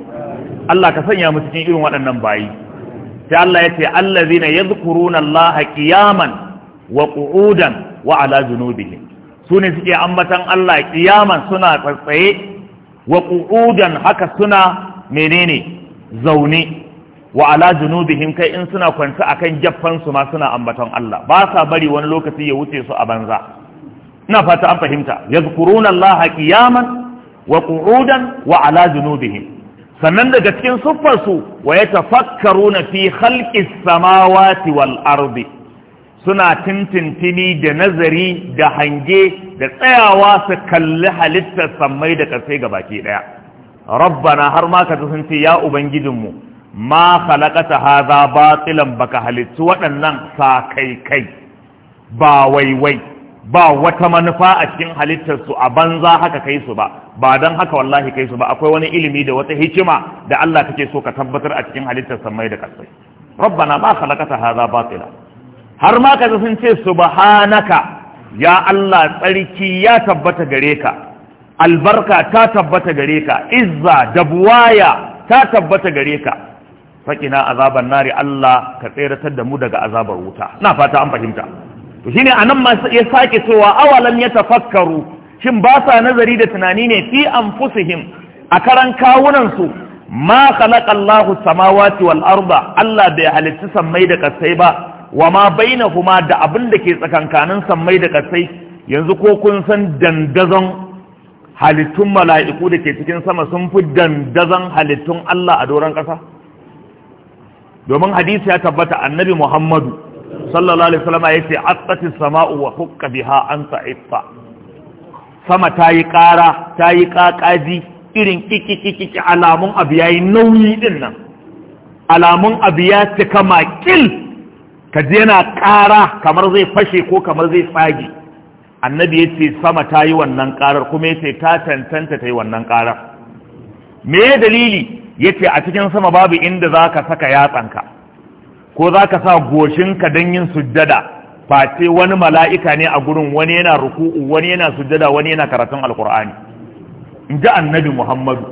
Allah ka sanya mu cikin irin waɗannan bayi sai Allah ya ce allazina yadhkuruna Allah qiyaman wa qu'udan wa ala junubihim sune suke ambatan Allah qiyaman suna tsatsaye wa qu'udan haka suna menene zaune wa ala junubihim kai in suna kwance akan jaffan su ma suna ambatan Allah ba sa bari wani lokaci ya wuce su a banza ina fata an fahimta yadhkuruna allaha qiyaman wa qu'udan wa ala junubihim sannan daga cikin siffar su wa yatafakkaruna fi khalqis samawati wal ardi suna tintintini da nazari da hange da tsayawa su kalli halittar sammai da ƙarfe ga baki ɗaya rabbana har ma ka sun ce ya ubangijinmu ma khalaqata hadha batilan baka halittu waɗannan sa kai kai ba waiwai ba wata manufa a cikin halittarsu a banza haka kai su ba ba don haka wallahi kai su ba akwai wani ilimi da wata hikima da Allah kake so ka tabbatar a cikin halittar mai da kasai rabbana ma khalaqata hadha batila har ma kaza sun ce subhanaka ya Allah tsarki ya tabbata gare ka albarka ta tabbata gare ka izza da buwaya ta tabbata gare ka fakina azaban nari Allah ka tseratar da mu daga azabar wuta na fata an fahimta shine anan ma ya sake cewa awalam tafakkaru shin ba sa nazari da tunani ne fi anfusihim a karan kawunan su ma khalaqa Allahu samawati wal arda Allah bai halitta sammai da kasai ba wa ma bainahuma da abin da ke tsakankanin sammai da kasai yanzu ko kun san dandazon halittun mala'iku da ke cikin sama sun fi dandazon halittun Allah a doron kasa domin hadisi ya tabbata annabi Muhammadu sallallahu alaihi wasallam yace attatis sama'u wa hukka biha an ta'itta sama tayi ƙara tayi kakaji irin kikikiki alamun abu yayi nauyi din nan alamun abu ya cika makil kaji yana ƙara kamar zai fashe ko kamar zai tsage annabi yace sama tayi wannan ƙarar kuma yace ta tantanta tayi wannan karar me dalili yace a cikin sama babu inda zaka saka yatsanka ko za ka sa goshinka don yin sujjada face wani mala'ika ne a gurin wani yana ruku'u wani yana sujjada wani yana karatun alkur'ani in ji annabi muhammadu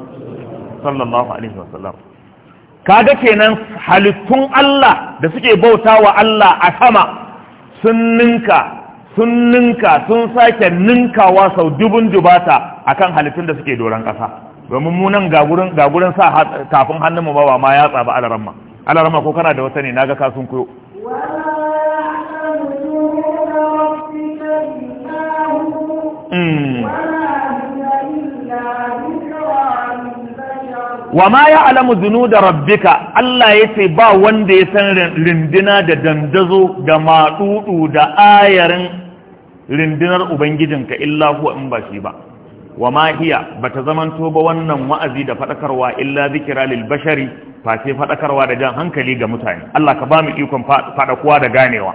sallallahu alaihi wasallam kaga kenan halittun Allah da suke bauta wa Allah a sama sun ninka sun ninka sun sake ninkawa sau dubun dubata akan halittun da suke doron ƙasa domin munan ga gurin sa kafin hannun mu ba ma yatsa tsaba alaramma ana ko kana da wata ne naga ka sun koyo hmm. wa ma ya alamu zunu da rabbika Allah ya ce ba wanda ya san rindina da dandazo da matsudu da ayarin rindinar Ubangijinka illa huwa in ba shi ba wa ma hiya ba ta zamanto ba wannan wa'azi da faɗakarwa illa zikira lil bashari face faɗakarwa da jan hankali ga mutane Allah ka ba mu ikon faɗakuwa da ganewa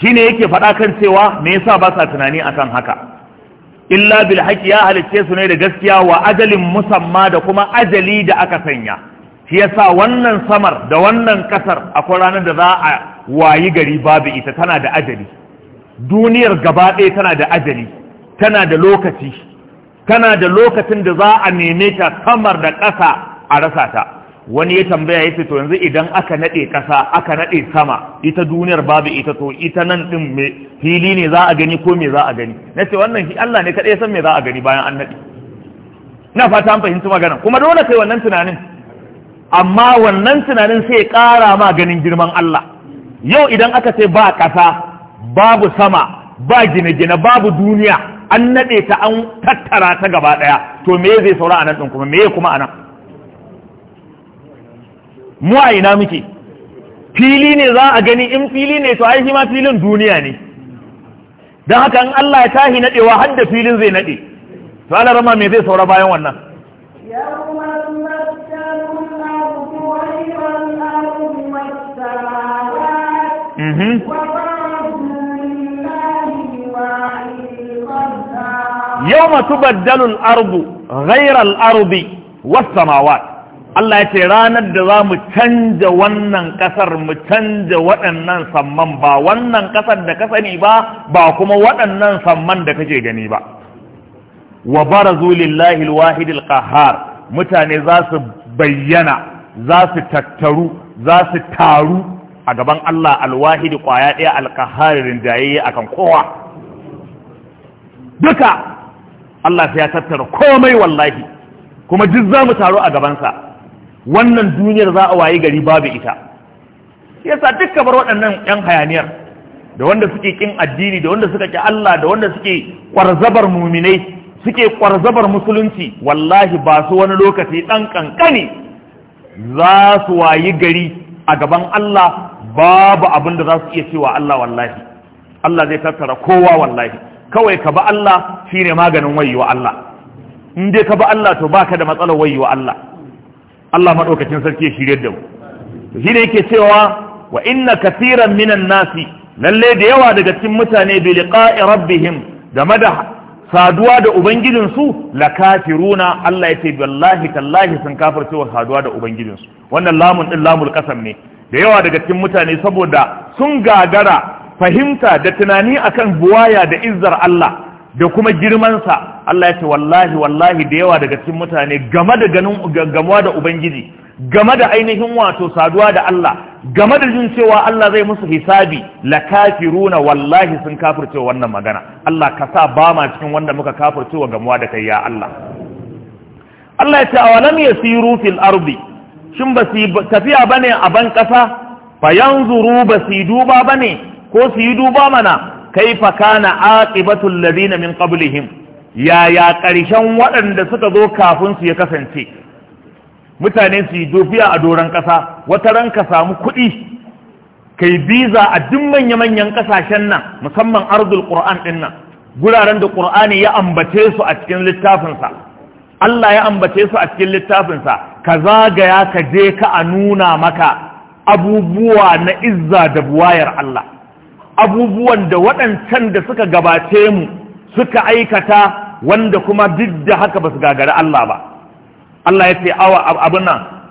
shine yake faɗa kan cewa me yasa ba sa tunani akan haka illa bil haƙi ya halicce su ne da gaskiya wa ajalin musamma da kuma ajali da aka sanya shi yasa wannan samar da wannan ƙasar akwai ranar da za a wayi gari babu ita tana da ajali duniyar gaba ɗaya tana da ajali tana da lokaci tana da lokacin da za a neme ta samar da ƙasa a rasa ta wani ya tambaya ya ce to yanzu idan aka naɗe ƙasa aka naɗe sama ita duniyar babu ita to ita nan ɗin me fili ne za a gani ko me za a gani na ce wannan shi Allah ne kaɗai san me za a gani bayan an naɗe na fata an fahimci magana kuma dole kai wannan tunanin amma wannan tunanin sai ƙara ma ganin girman Allah yau idan aka ce ba ƙasa babu sama ba gine-gine babu duniya an naɗe ta an tattara ta gaba ɗaya to me zai saura a nan ɗin kuma me kuma a nan mu a ina muke fili ne za a gani in fili ne to ai ma filin duniya ne don haka in Allah ya tahi nadewa har da filin zai nade to Allah rama me zai saura bayan wannan yau masu baddalul arbu ghairar arbi wasu samawa. Allah ya ce ranar da za mu canja wannan ƙasar mu canja waɗannan samman ba wannan ƙasar da ka sani ba ba kuma waɗannan samman da kake gani ba wa barazu lillahi alwahidil qahhar mutane za su bayyana za su tattaru za su taru a gaban Allah alwahidi kwaya ɗaya alqahharin jayaye akan kowa duka Allah sai ya tattara komai wallahi kuma duk za mu taru a gabansa wannan duniyar za a wayi gari babu ita yasa duk bar waɗannan 'yan hayaniyar da wanda suke kin addini da wanda suka ki Allah da wanda suke kwarzabar muminai suke kwarzabar musulunci wallahi ba su wani lokaci ɗan ƙanƙani za su wayi gari a gaban Allah babu abin da za su iya cewa Allah wallahi Allah zai tattara kowa wallahi kawai ka ba Allah shine maganin wayewa Allah in dai ka ba Allah to baka da matsalar wayewa Allah Allah maɗaukacin sarki ya shirye da mu to shi ne yake cewa wa inna katiran minan nasi lalle da yawa daga cikin mutane bi liqa'i rabbihim game da saduwa da ubangijinsu la kafiruna Allah ya ce wallahi tallahi sun kafirce saduwa da ubangijinsu wannan lamun din lamul qasam ne da yawa daga cikin mutane saboda sun gagara fahimta da tunani akan buwaya da izzar Allah da kuma girmansa Allah ya ce wallahi wallahi da yawa daga cikin mutane game da ganin gamuwa da ubangiji game da ainihin wato saduwa da Allah game da jin cewa Allah zai musu hisabi la kafiruna wallahi sun kafirce wannan magana Allah ka sa ba ma cikin wanda muka kafirce wa gamuwa da kai ya Allah Allah ya ce awalam yasiru fil ardi shin ba su tafiya bane a ban kasa fayanzuru ba su duba bane ko su yi duba mana kaifa kana aqibatul ladina min qablihim yaya ƙarshen waɗanda suka zo kafin su ya kasance mutane su yi dofiya a doron ƙasa wata ran ka samu kuɗi kai biza a duk manya-manyan ƙasashen nan musamman arzul qur'an ɗin nan guraren da qur'ani ya ambace su a cikin littafinsa Allah ya ambace su a cikin littafinsa ka zagaya ka je ka a nuna maka abubuwa na izza da buwayar Allah abubuwan da waɗancan da suka gabace mu suka aikata wanda kuma duk da haka ba su gagari Allah ba Allah ya ce awa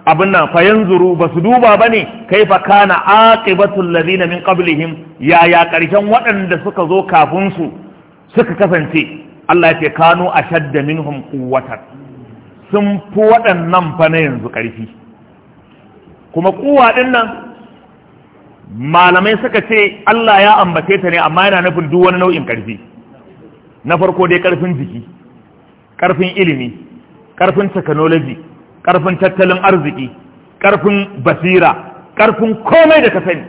abin nan fayan zuru ba su duba ba ne kai fa kana aqibatul ladina min qablihim yaya ƙarshen waɗanda suka zo kafin su suka kasance Allah ya ce kanu ashadda minhum kuwatar sun fi waɗannan fa na yanzu ƙarfi kuma kuwa ɗin nan malamai suka ce Allah ya ambace ta ne amma yana nufin duk wani nau'in karfi na farko dai karfin jiki karfin ilimi karfin technology karfin tattalin arziki karfin basira karfin komai da ka sani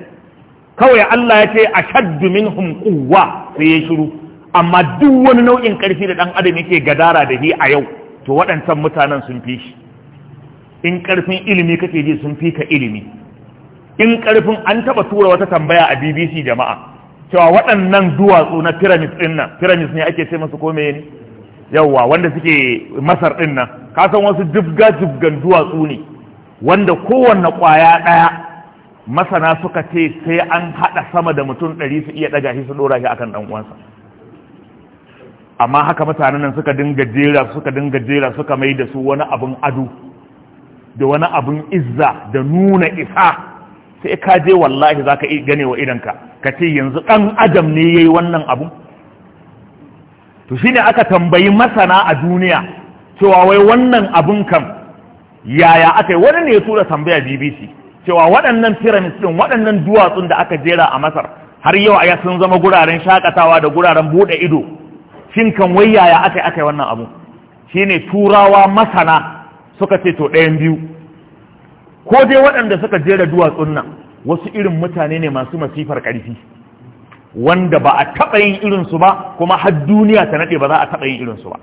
kawai Allah ya ce a minhum quwwa sai ya shiru amma duk wani nau'in karfi da dan adam yake gadara da shi a yau to waɗancan mutanen sun fi shi in karfin ilimi kake ji sun fi ka ilimi in karfin an taba tura wata tambaya a BBC jama'a cewa waɗannan duwatsu na pyramids din nan pyramids ne ake ce masu kome ne Yawwa wanda suke masar din nan ka san wasu jibga jibgan duwatsu ne wanda kowanne kwaya ɗaya masana suka ce sai an haɗa sama da mutum ɗari su iya ɗaga shi su ɗora shi akan ɗan uwansa amma haka mutanen nan suka dinga jera suka dinga jera suka mai da su wani abin ado da wani abin izza da nuna isa sai ka je wallahi za ka gane wa idanka ka ce yanzu ɗan adam ne ya yi wannan abu to shine aka tambayi masana a duniya cewa wai wannan abun kan yaya aka yi wani ne ya tura tambaya bbc cewa waɗannan pyramids ɗin waɗannan duwatsun da aka jera a masar har yau a sun zama guraren shakatawa da guraren buɗe ido shin kan wai yaya aka yi aka yi wannan abu shine turawa masana suka ce to ɗayan biyu ko dai waɗanda suka jera duwatsun nan wasu irin mutane ne masu masifar ƙarfi wanda ba a taɓa yin irinsu ba kuma har duniya ta naɗe ba za a taɓa yin irinsu ba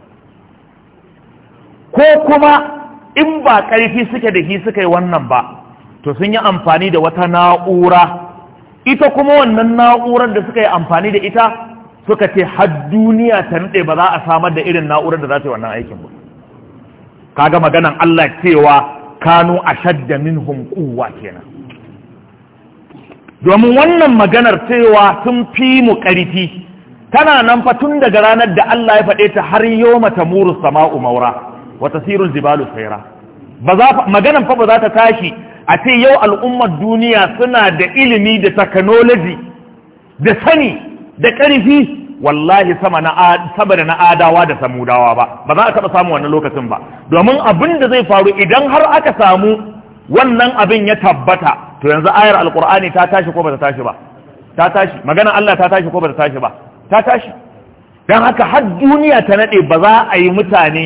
ko kuma in ba ƙarfi suke da shi suka yi wannan ba to sun yi amfani da wata na'ura ita kuma wannan na'urar da suka yi amfani da ita suka ce har duniya ta naɗe ba za a samar da irin na'urar da za ta yi wannan aikin ba kaga maganan Allah cewa kanu shadda min quwwa kenan domin wannan maganar cewa sun fi mu ƙarfi tana nan fa tun daga ranar da Allah ya faɗe ta har yawma tamuru sama'u maura wa tasirul jibalu sayra maganar fa ba za ta tashi a ce yau al'ummar duniya suna da ilimi da technology da sani da ƙarfi wallahi sama na sama da na adawa da samudawa ba ba za a taɓa samu wannan lokacin ba domin abin da zai faru idan har aka samu wannan abin ya tabbata to yanzu ayar alkur'ani ta tashi ko ba ta tashi ba ta tashi magana Allah ta tashi ko ba ta tashi ba ta tashi don haka har duniya ta nade ba za a yi mutane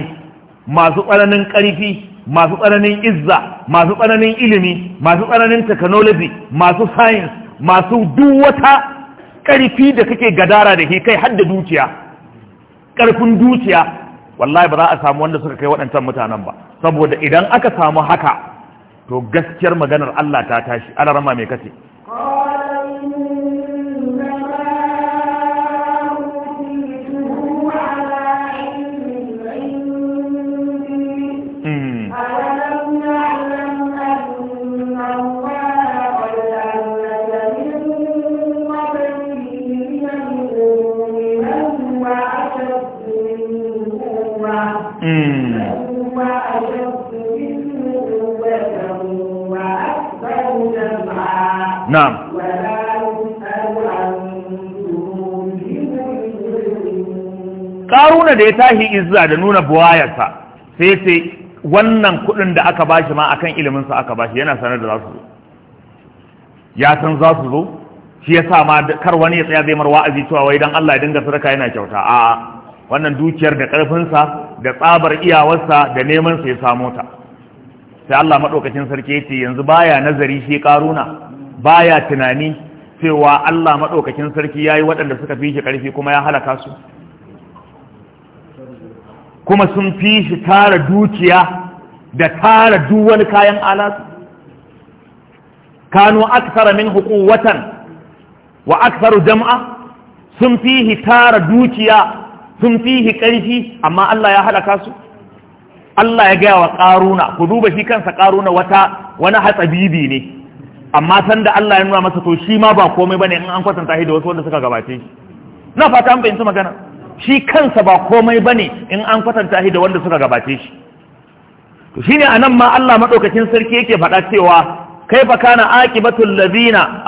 masu tsananin karfi masu tsananin izza masu tsananin ilimi masu tsananin technology masu science masu duk wata ƙarfi da kake gadara da ke kai hadda dukiya ƙarfin dukiya wallahi ba za a samu wanda suka kai waɗancan mutanen ba saboda idan aka samu haka to gaskiyar maganar Allah ta tashi alarama mai kace نعم karuna da ya tashi izza da nuna buwayarsa sai ce wannan kudin da aka bashi ma akan ilimin sa aka bashi yana sanar da zasu zo ya san za zo shi yasa sa ma kar wani ya tsaya zai mar wa'azi cewa wai dan Allah ya dinga sadaka yana kyauta a wannan dukiyar da karfin sa da tsabar iyawarsa da neman sa ya samo ta sai Allah madaukakin sarki yace yanzu baya nazari shi karuna baya tunani cewa Allah maɗaukakin sarki ya yi waɗanda suka fi shi ƙarfi kuma ya halaka su kuma sun fi shi tara dukiya da tara duwani kayan alasu Kanu aksara min hukuwatan wa aksaru jama'a sun fi shi tara dukiya sun fi shi ƙarfi amma Allah ya halaka su Allah ya gaya wa ƙaruna ku duba shi kansa ƙaruna wata wani hatsabibi ne amma san da Allah ya nuna masa to shi ma ba komai bane in an kwatanta shi da wasu wanda suka gabace shi na fata an fahimci magana shi kansa ba komai bane in an kwatanta shi da wanda suka gabace shi to shine anan ma Allah madaukakin sarki yake faɗa cewa kaifa kana aqibatul ladina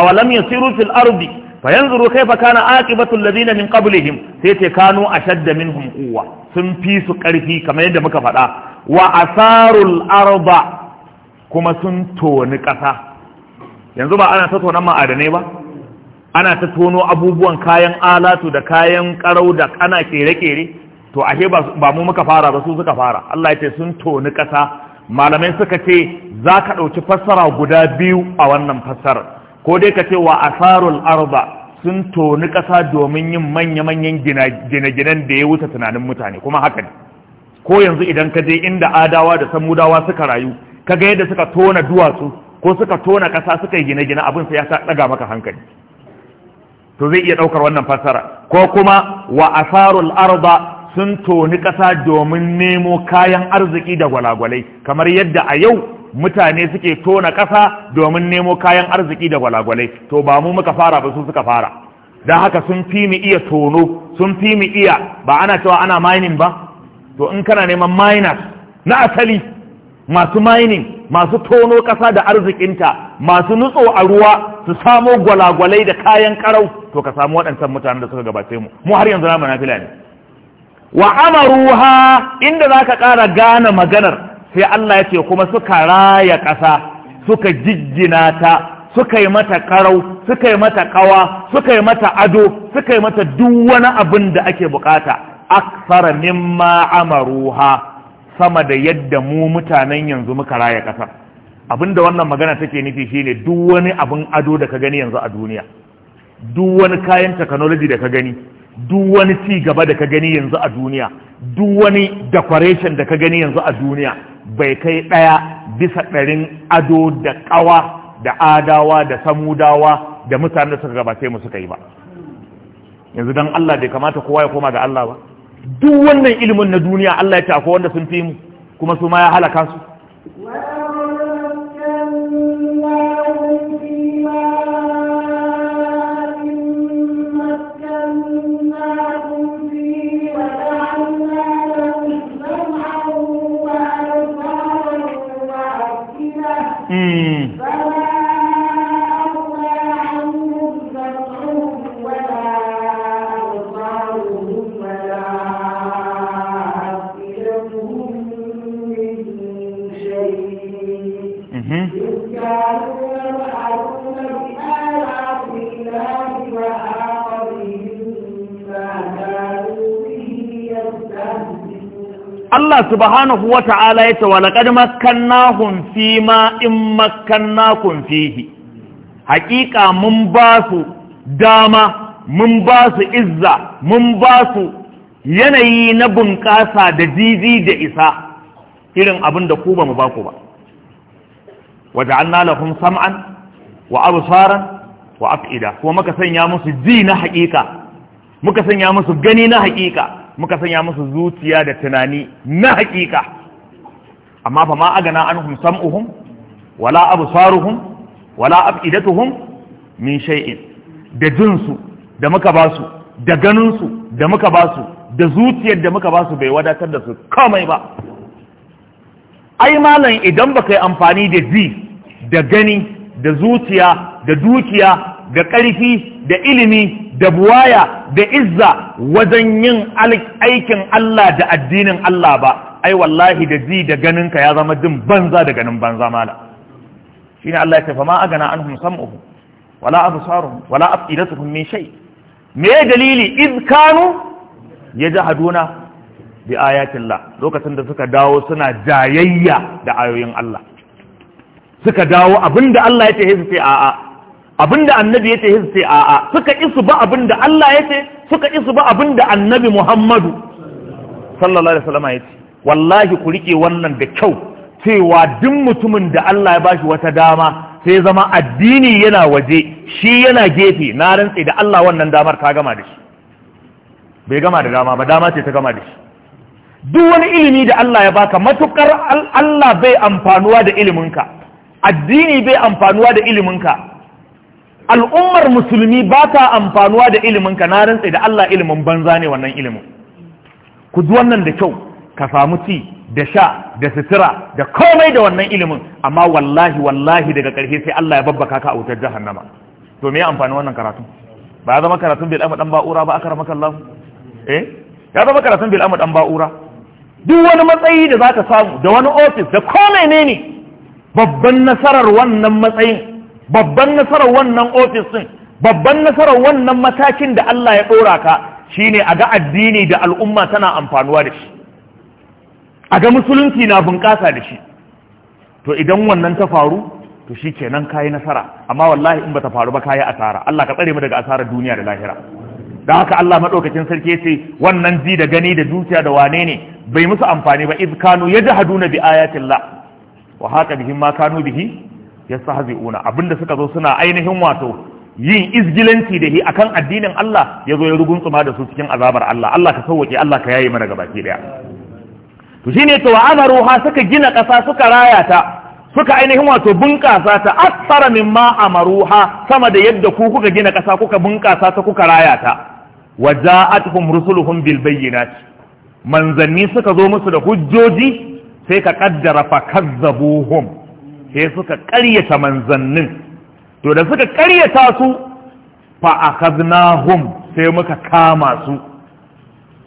awalam yasiru fil ardi fayanzuru kaifa kana aqibatul ladina min qablihim sai ce kanu ashadda minhum quwwa sun fi su karfi kamar yadda muka faɗa wa asarul arda kuma sun toni ƙasa yanzu ba ana ta tonon ma'adanai ba ana ta tono abubuwan kayan alatu da kayan karau da ana kere-kere to ashe ba mu muka fara ba su suka fara Allah ya ce sun toni kasa malamai suka ce za ka ɗauki fassara guda biyu a wannan fassarar ko dai ka ce wa asarul arba sun toni kasa domin yin manya-manyan gine-ginen da ya wuce tunanin mutane kuma haka ne ko yanzu idan ka je inda adawa da samudawa suka rayu ka ga yadda suka tona duwatsu ko suka tona kasa suka yi gine-gine abin sai ya ɗaga maka hankali to zai iya ɗaukar wannan fassara ko kuma wa asarul arba sun toni kasa domin nemo kayan arziki da gwalagwalai kamar yadda a yau mutane suke tona ƙasa domin nemo kayan arziki da gwalagwalai to ba mu muka fara ba su suka fara don haka sun fi mu iya tono sun fi mu iya ba ana cewa ana mining ba to in kana neman miners na asali masu mining masu tono ƙasa da arzikinta masu nutso a ruwa su samo gwalagwalai da kayan karau to ka samu waɗancan mutanen da suka gabace mu mu har yanzu namu nafila ne wa amaruha inda za ka ƙara gane maganar sai Allah ya ce kuma suka raya ƙasa suka jijjina ta suka yi mata karau suka yi mata ƙawa, suka yi mata ado suka yi mata duk wani abin da ake bukata aksara mimma amaruha sama da yadda mu mutanen yanzu muka raya ƙasar abinda wannan magana take nufi shine duk wani abin ado da ka gani yanzu a duniya duk wani kayan technology da ka gani duk wani ci gaba da ka gani yanzu a duniya duk wani decoration da ka gani yanzu a duniya bai kai ɗaya bisa ɗarin ado da ƙawa da adawa da samudawa da mutanen da suka gabace mu suka yi ba yanzu don Allah bai kamata kowa ya koma ga Allah ba duk wannan ilimin na duniya Allah ya ce wanda sun fi mu kuma su ma ya halaka su Allah subhanahu wa ta'ala ya ce walaƙar makannahun fi ma in makannakun fihi haƙiƙa mun ba su dama mun ba su izza mun ba su yanayi na bunƙasa da jizi da isa irin abin da ku ba mu ba ku ba waja'alna lahum sam'an wa absaran wa af'ida kuma muka sanya musu ji na haƙiƙa muka sanya musu gani na haƙiƙa muka sanya musu zuciya da tunani na hakika amma fa ma agana anhum sam'uhum wala absaruhum wala abidatuhum min shay'in da jinsu da muka basu, da ganinsu da muka basu, da zuciyar da muka basu bai wadatar da su kamai ba ai malam idan baka yi amfani da ji da gani da zuciya da dukiya da ƙarfi da ilimi da buwaya da izza wajen yin aikin Allah da addinin Allah ba ai wallahi da zi da ganinka ya zama jin banza da ganin banza mala Shi ne Allah ya ce fama agana anhum uku wala abu absaruhum wala afidatuhum min shai. me dalili iz kanu haduna bi la, lokacin da suka dawo suna jayayya da ayoyin Allah suka dawo abin da Allah ya ce sai a'a abinda annabi ya ce hin sai a'a suka isu ba abinda Allah ya ce suka isu ba abinda annabi Muhammadu sallallahu alaihi wasallam ya ce wallahi ku rike wannan da kyau cewa duk mutumin da Allah ya bashi wata dama sai zama addini yana waje shi yana gefe na rantse da Allah wannan damar ka gama da shi bai gama da dama ba dama ce ta gama da shi duk wani ilimi da Allah ya baka matukar Allah bai amfanuwa da iliminka addini bai amfanuwa da iliminka al'ummar musulmi ba ta amfanuwa da ilimin ka na rantsa da Allah ilimin banza ne wannan ilimin ku ji wannan da kyau ka samu ci da sha da sutura da komai da wannan ilimin amma wallahi wallahi daga ƙarshe sai Allah ya babbaka ka a wutar jahannama to me amfani wannan karatu ba ya zama karatun bil amadan ba'ura ba aka ramaka Allah eh ya zama karatun bil amadan ba'ura duk wani matsayi da zaka samu da wani office da komai ne ne babban nasarar wannan matsayin babban nasarar wannan ofis din babban nasarar wannan matakin da Allah ya ɗora ka shine a ga addini da al'umma tana amfanuwa da shi a ga musulunci na bunƙasa da shi to idan wannan ta faru to shi kenan kayi nasara amma wallahi in ba ta faru ba yi asara Allah ka tsare mu daga asarar duniya da lahira da haka Allah madaukakin sarki ce wannan ji da gani da dukiya da wane ne bai musu amfani ba iz kanu yajhaduna bi ayati Allah wa haka bihim ma kanu bihi ya una abinda suka zo suna ainihin wato yin izgilanci da shi akan addinin Allah ya zo ya ruguntsuma da su cikin azabar Allah Allah ka sauwake Allah ka yayi mana gabaki daya to shine to wa ha suka gina kasa suka raya suka ainihin wato bunkasa ta ma mimma amaruha sama da yadda ku kuka gina kasa kuka bunkasa ta kuka raya ta wa ja'atuhum rusuluhum bil bayyinat manzanni suka zo musu da hujjoji sai ka kaddara fa kazzabuhum sai suka karyata manzannin to da suka karyata su fa'akaznahum sai muka kama su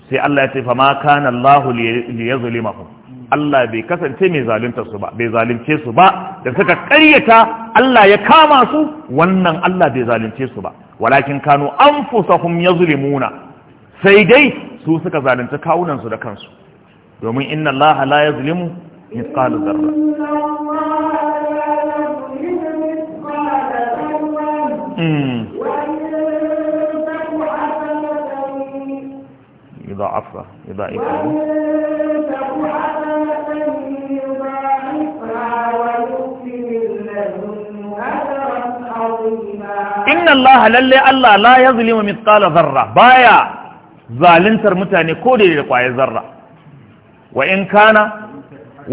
sai Allah ya ce fa ma kana Allah liyazlimahum Allah bai kasance mai zalunta su ba bai zalunce su ba da suka karyata Allah ya kama su wannan Allah bai zalunce su ba walakin kanu anfusahum yazlimuna sai dai su suka zalunci kawunan su da kansu domin inna Allah la yazlimu mithqala dharra إيه؟ إن الله للي الله لا يظلم مثقال ذرة بايا ظالنتر متاني كودي لقوية ذرة وإن كان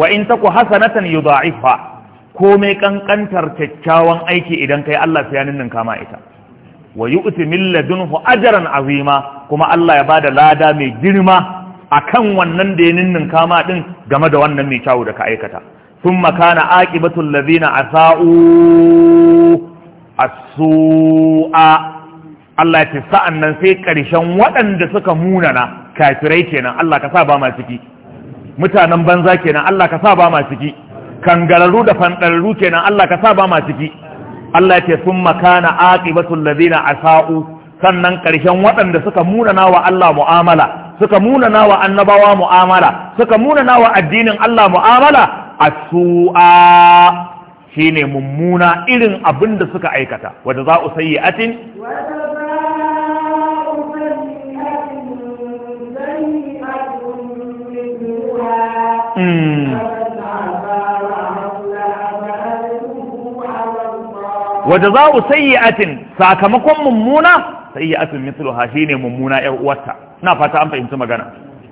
وإن تكو حسنة يضاعفها komai kankantar kyakkyawan aiki idan kai Allah sai ya ninninka ma ita wa yu'ti min ladunhu ajran azima kuma Allah ya bada lada mai girma akan wannan da ya ninninka kama din game da wannan mai kyawu da ka aikata thumma kana aqibatul a asa'u a sua Allah ya ce sa'an nan sai ƙarshen waɗanda suka munana kafirai kenan Allah ka sa ba ma ciki mutanen banza kenan Allah ka sa ba ma ciki kangararru da fandararru kenan Allah ka sa ba ma ciki Allah ce sun makana aqibatul ladina asau sannan karshen waɗanda suka munana wa Allah mu'amala suka munana wa annabawa mu'amala suka munana wa addinin Allah mu'amala asu'a shine mummuna irin abin da suka aikata wadda za u sayi atin Mm. wa jaza'u sayyi'atin sakamakon mummuna sayyi'atun mithluha shine mummuna yar uwarta ina fata an fahimci magana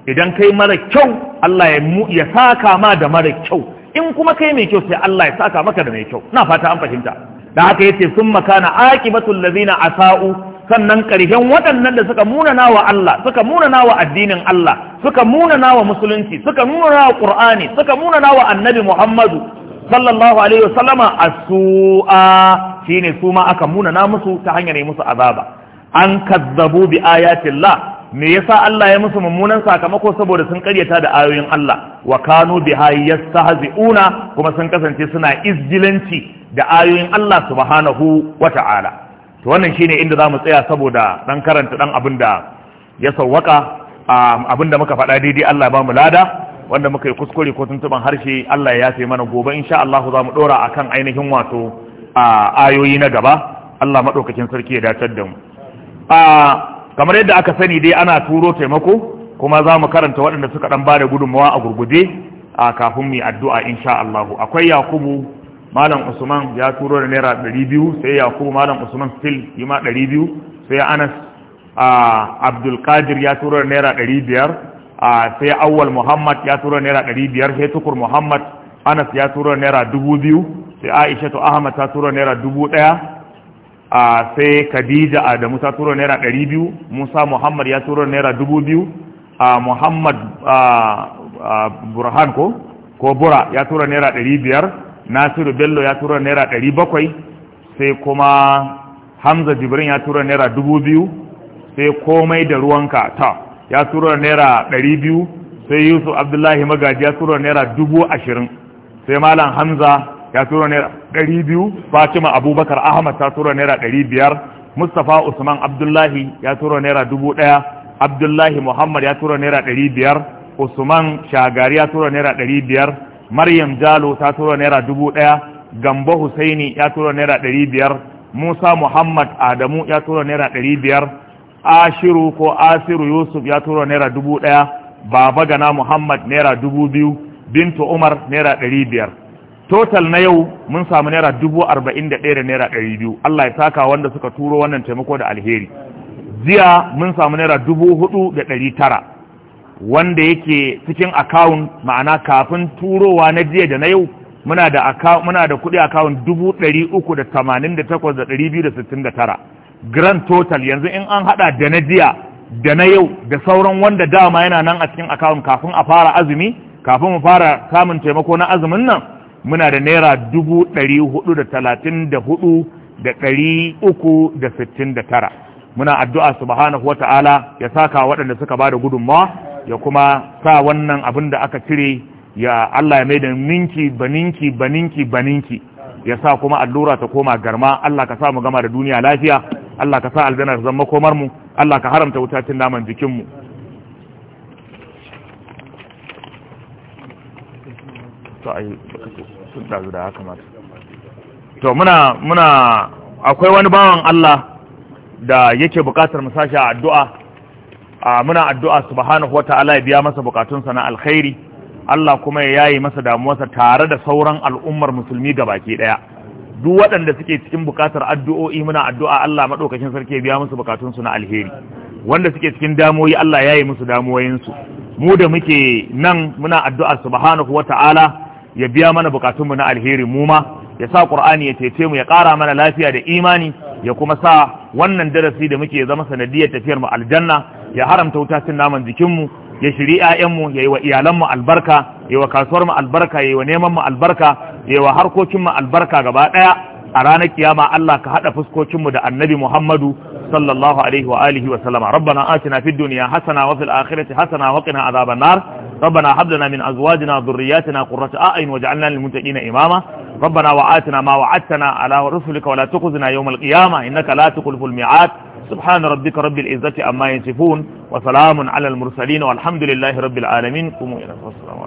idan kai mara kyau Allah ya ya saka ma da mara kyau in kuma kai mai kyau sai Allah ya saka maka da mai kyau ina fata an fahimta da haka yace summa kana aqibatul ladina asa'u sannan ƙarshen waɗannan da suka munana wa Allah suka munana wa addinin Allah suka munana wa musulunci suka munana wa ƙur'ani suka munana wa annabi Muhammadu sallallahu alaihi wasallama su'a. shine su ma aka munana musu ta hanyar yi musu azaba an kazzabu bi tilla me yasa Allah ya musu mummunan sakamako saboda sun karyata da ayoyin Allah wa kanu biha yastahzi'una kuma sun kasance suna izgilanci da ayoyin Allah subhanahu ta'ala to wannan shine inda zamu tsaya saboda dan karanta dan abin da ya sawwaka abin da muka faɗa daidai Allah ba mu lada wanda muka yi kuskure ko tuntuban harshe Allah ya yafe mana gobe insha Allah za mu dora akan ainihin wato a ayoyi na gaba Allah maɗaukakin sarki ya dacar da mu a kamar yadda aka sani dai ana turo taimako kuma za mu karanta waɗanda suka ɗan bada gudunmawa a gurgude a kafin mu addu'a insha Allah akwai Yakubu Malam Usman ya turo da naira 200 sai Yakubu Malam Usman still yi ma 200 sai Anas a Abdul Qadir ya turo da naira 500 a sai Awwal Muhammad ya turo da naira 500 sai Tukur Muhammad Anas ya turo da naira 2000 sai aisha to ahmad ta tura naira dubu ɗaya a sai khadija adamu ta tura naira ɗari biyu musa muhammad ya tura naira dubu biyu a muhammad burhan ko ko bura ya tura naira ɗari biyar nasiru bello ya tura naira ɗari bakwai sai kuma hamza jibrin ya tura naira dubu biyu sai komai da ruwanka ta ya tura naira ɗari biyu sai yusuf abdullahi magaji ya tura naira dubu ashirin sai malam hamza ya turo naira ɗari biyu fatima abubakar ahmad ta turo naira ɗari biyar mustapha usman abdullahi ya turo naira dubu ɗaya abdullahi muhammad ya turo naira ɗari biyar usman shagari ya turo naira ɗari biyar maryam jalo ta turo naira dubu ɗaya gambo husaini ya turo naira ɗari biyar musa muhammad adamu ya turo naira ɗari biyar ashiru ko asiru yusuf ya turo naira dubu ɗaya baba gana muhammad naira dubu biyu bintu umar naira ɗari biyar total na yau mun samu naira dubu arba'in da ɗaya da naira ɗari biyu Allah ya saka wanda suka turo wannan taimako da alheri jiya mun samu naira dubu hudu da ɗari tara wanda yake cikin akawun ma'ana kafin turowa na jiya da na yau muna da muna da kuɗi akawun dubu ɗari uku da tamanin da takwas da ɗari biyu da sittin da tara grand total yanzu in an haɗa da na jiya da na yau da sauran wanda dama yana nan a cikin akawun kafin a fara azumi kafin mu fara samun taimako na azumin nan muna da naira dubu ɗari hudu da talatin da hudu da ɗari uku da sittin da tara muna addu'a subhanahu wata'ala ya saka waɗanda suka ba da gudunmawa ya kuma sa wannan abin da aka cire ya Allah ya mai da ninki baninki baninki baninki ya sa kuma allura ta koma garma Allah ka sa mu gama da duniya lafiya Allah ka sa alzanar zama mu Allah ka haramta wutacin naman jikinmu. mu ɗazu da haka mata to muna muna akwai wani bawan Allah da yake bukatar mu sashi a addu'a muna addu'a subhanahu wata'ala ya biya masa bukatunsa na alkhairi Allah kuma ya yayi masa damuwarsa tare da sauran al'ummar musulmi gabaki daya duk waɗanda suke cikin bukatar addu'o'i muna addu'a Allah madaukakin sarki ya biya musu bukatunsu na alheri wanda suke cikin damoyi Allah ya yi musu damoyinsu mu da muke nan muna addu'a subhanahu wata'ala ya biya mana bukatunmu na alheri mu ma ya sa qur'ani ya cece mu ya ƙara mana lafiya da imani ya kuma sa wannan darasi da muke zama sanadiyar tafiyar mu aljanna ya haramta wuta cin naman jikin mu ya shiri ƴaƴanmu ya yi wa iyalanmu albarka ya wa kasuwar mu albarka ya yi wa neman mu albarka ya wa harkokin mu albarka gaba ɗaya a ranar kiyama Allah ka haɗa fuskokinmu da annabi Muhammadu وصلى الله عليه وآله وسلم ربنا آتنا في الدنيا حسنة وفي الآخرة حسنة وقنا عذاب النار ربنا هب لنا من أزواجنا وذرياتنا قرة أعين واجعلنا للمتقين إماما ربنا وآتنا ما وعدتنا على رسلك ولا تخزنا يوم القيامة إنك لا تخلف الميعاد سبحان ربك رب العزة أما يصفون وسلام على المرسلين والحمد لله رب العالمين قوموا إلى الصلاة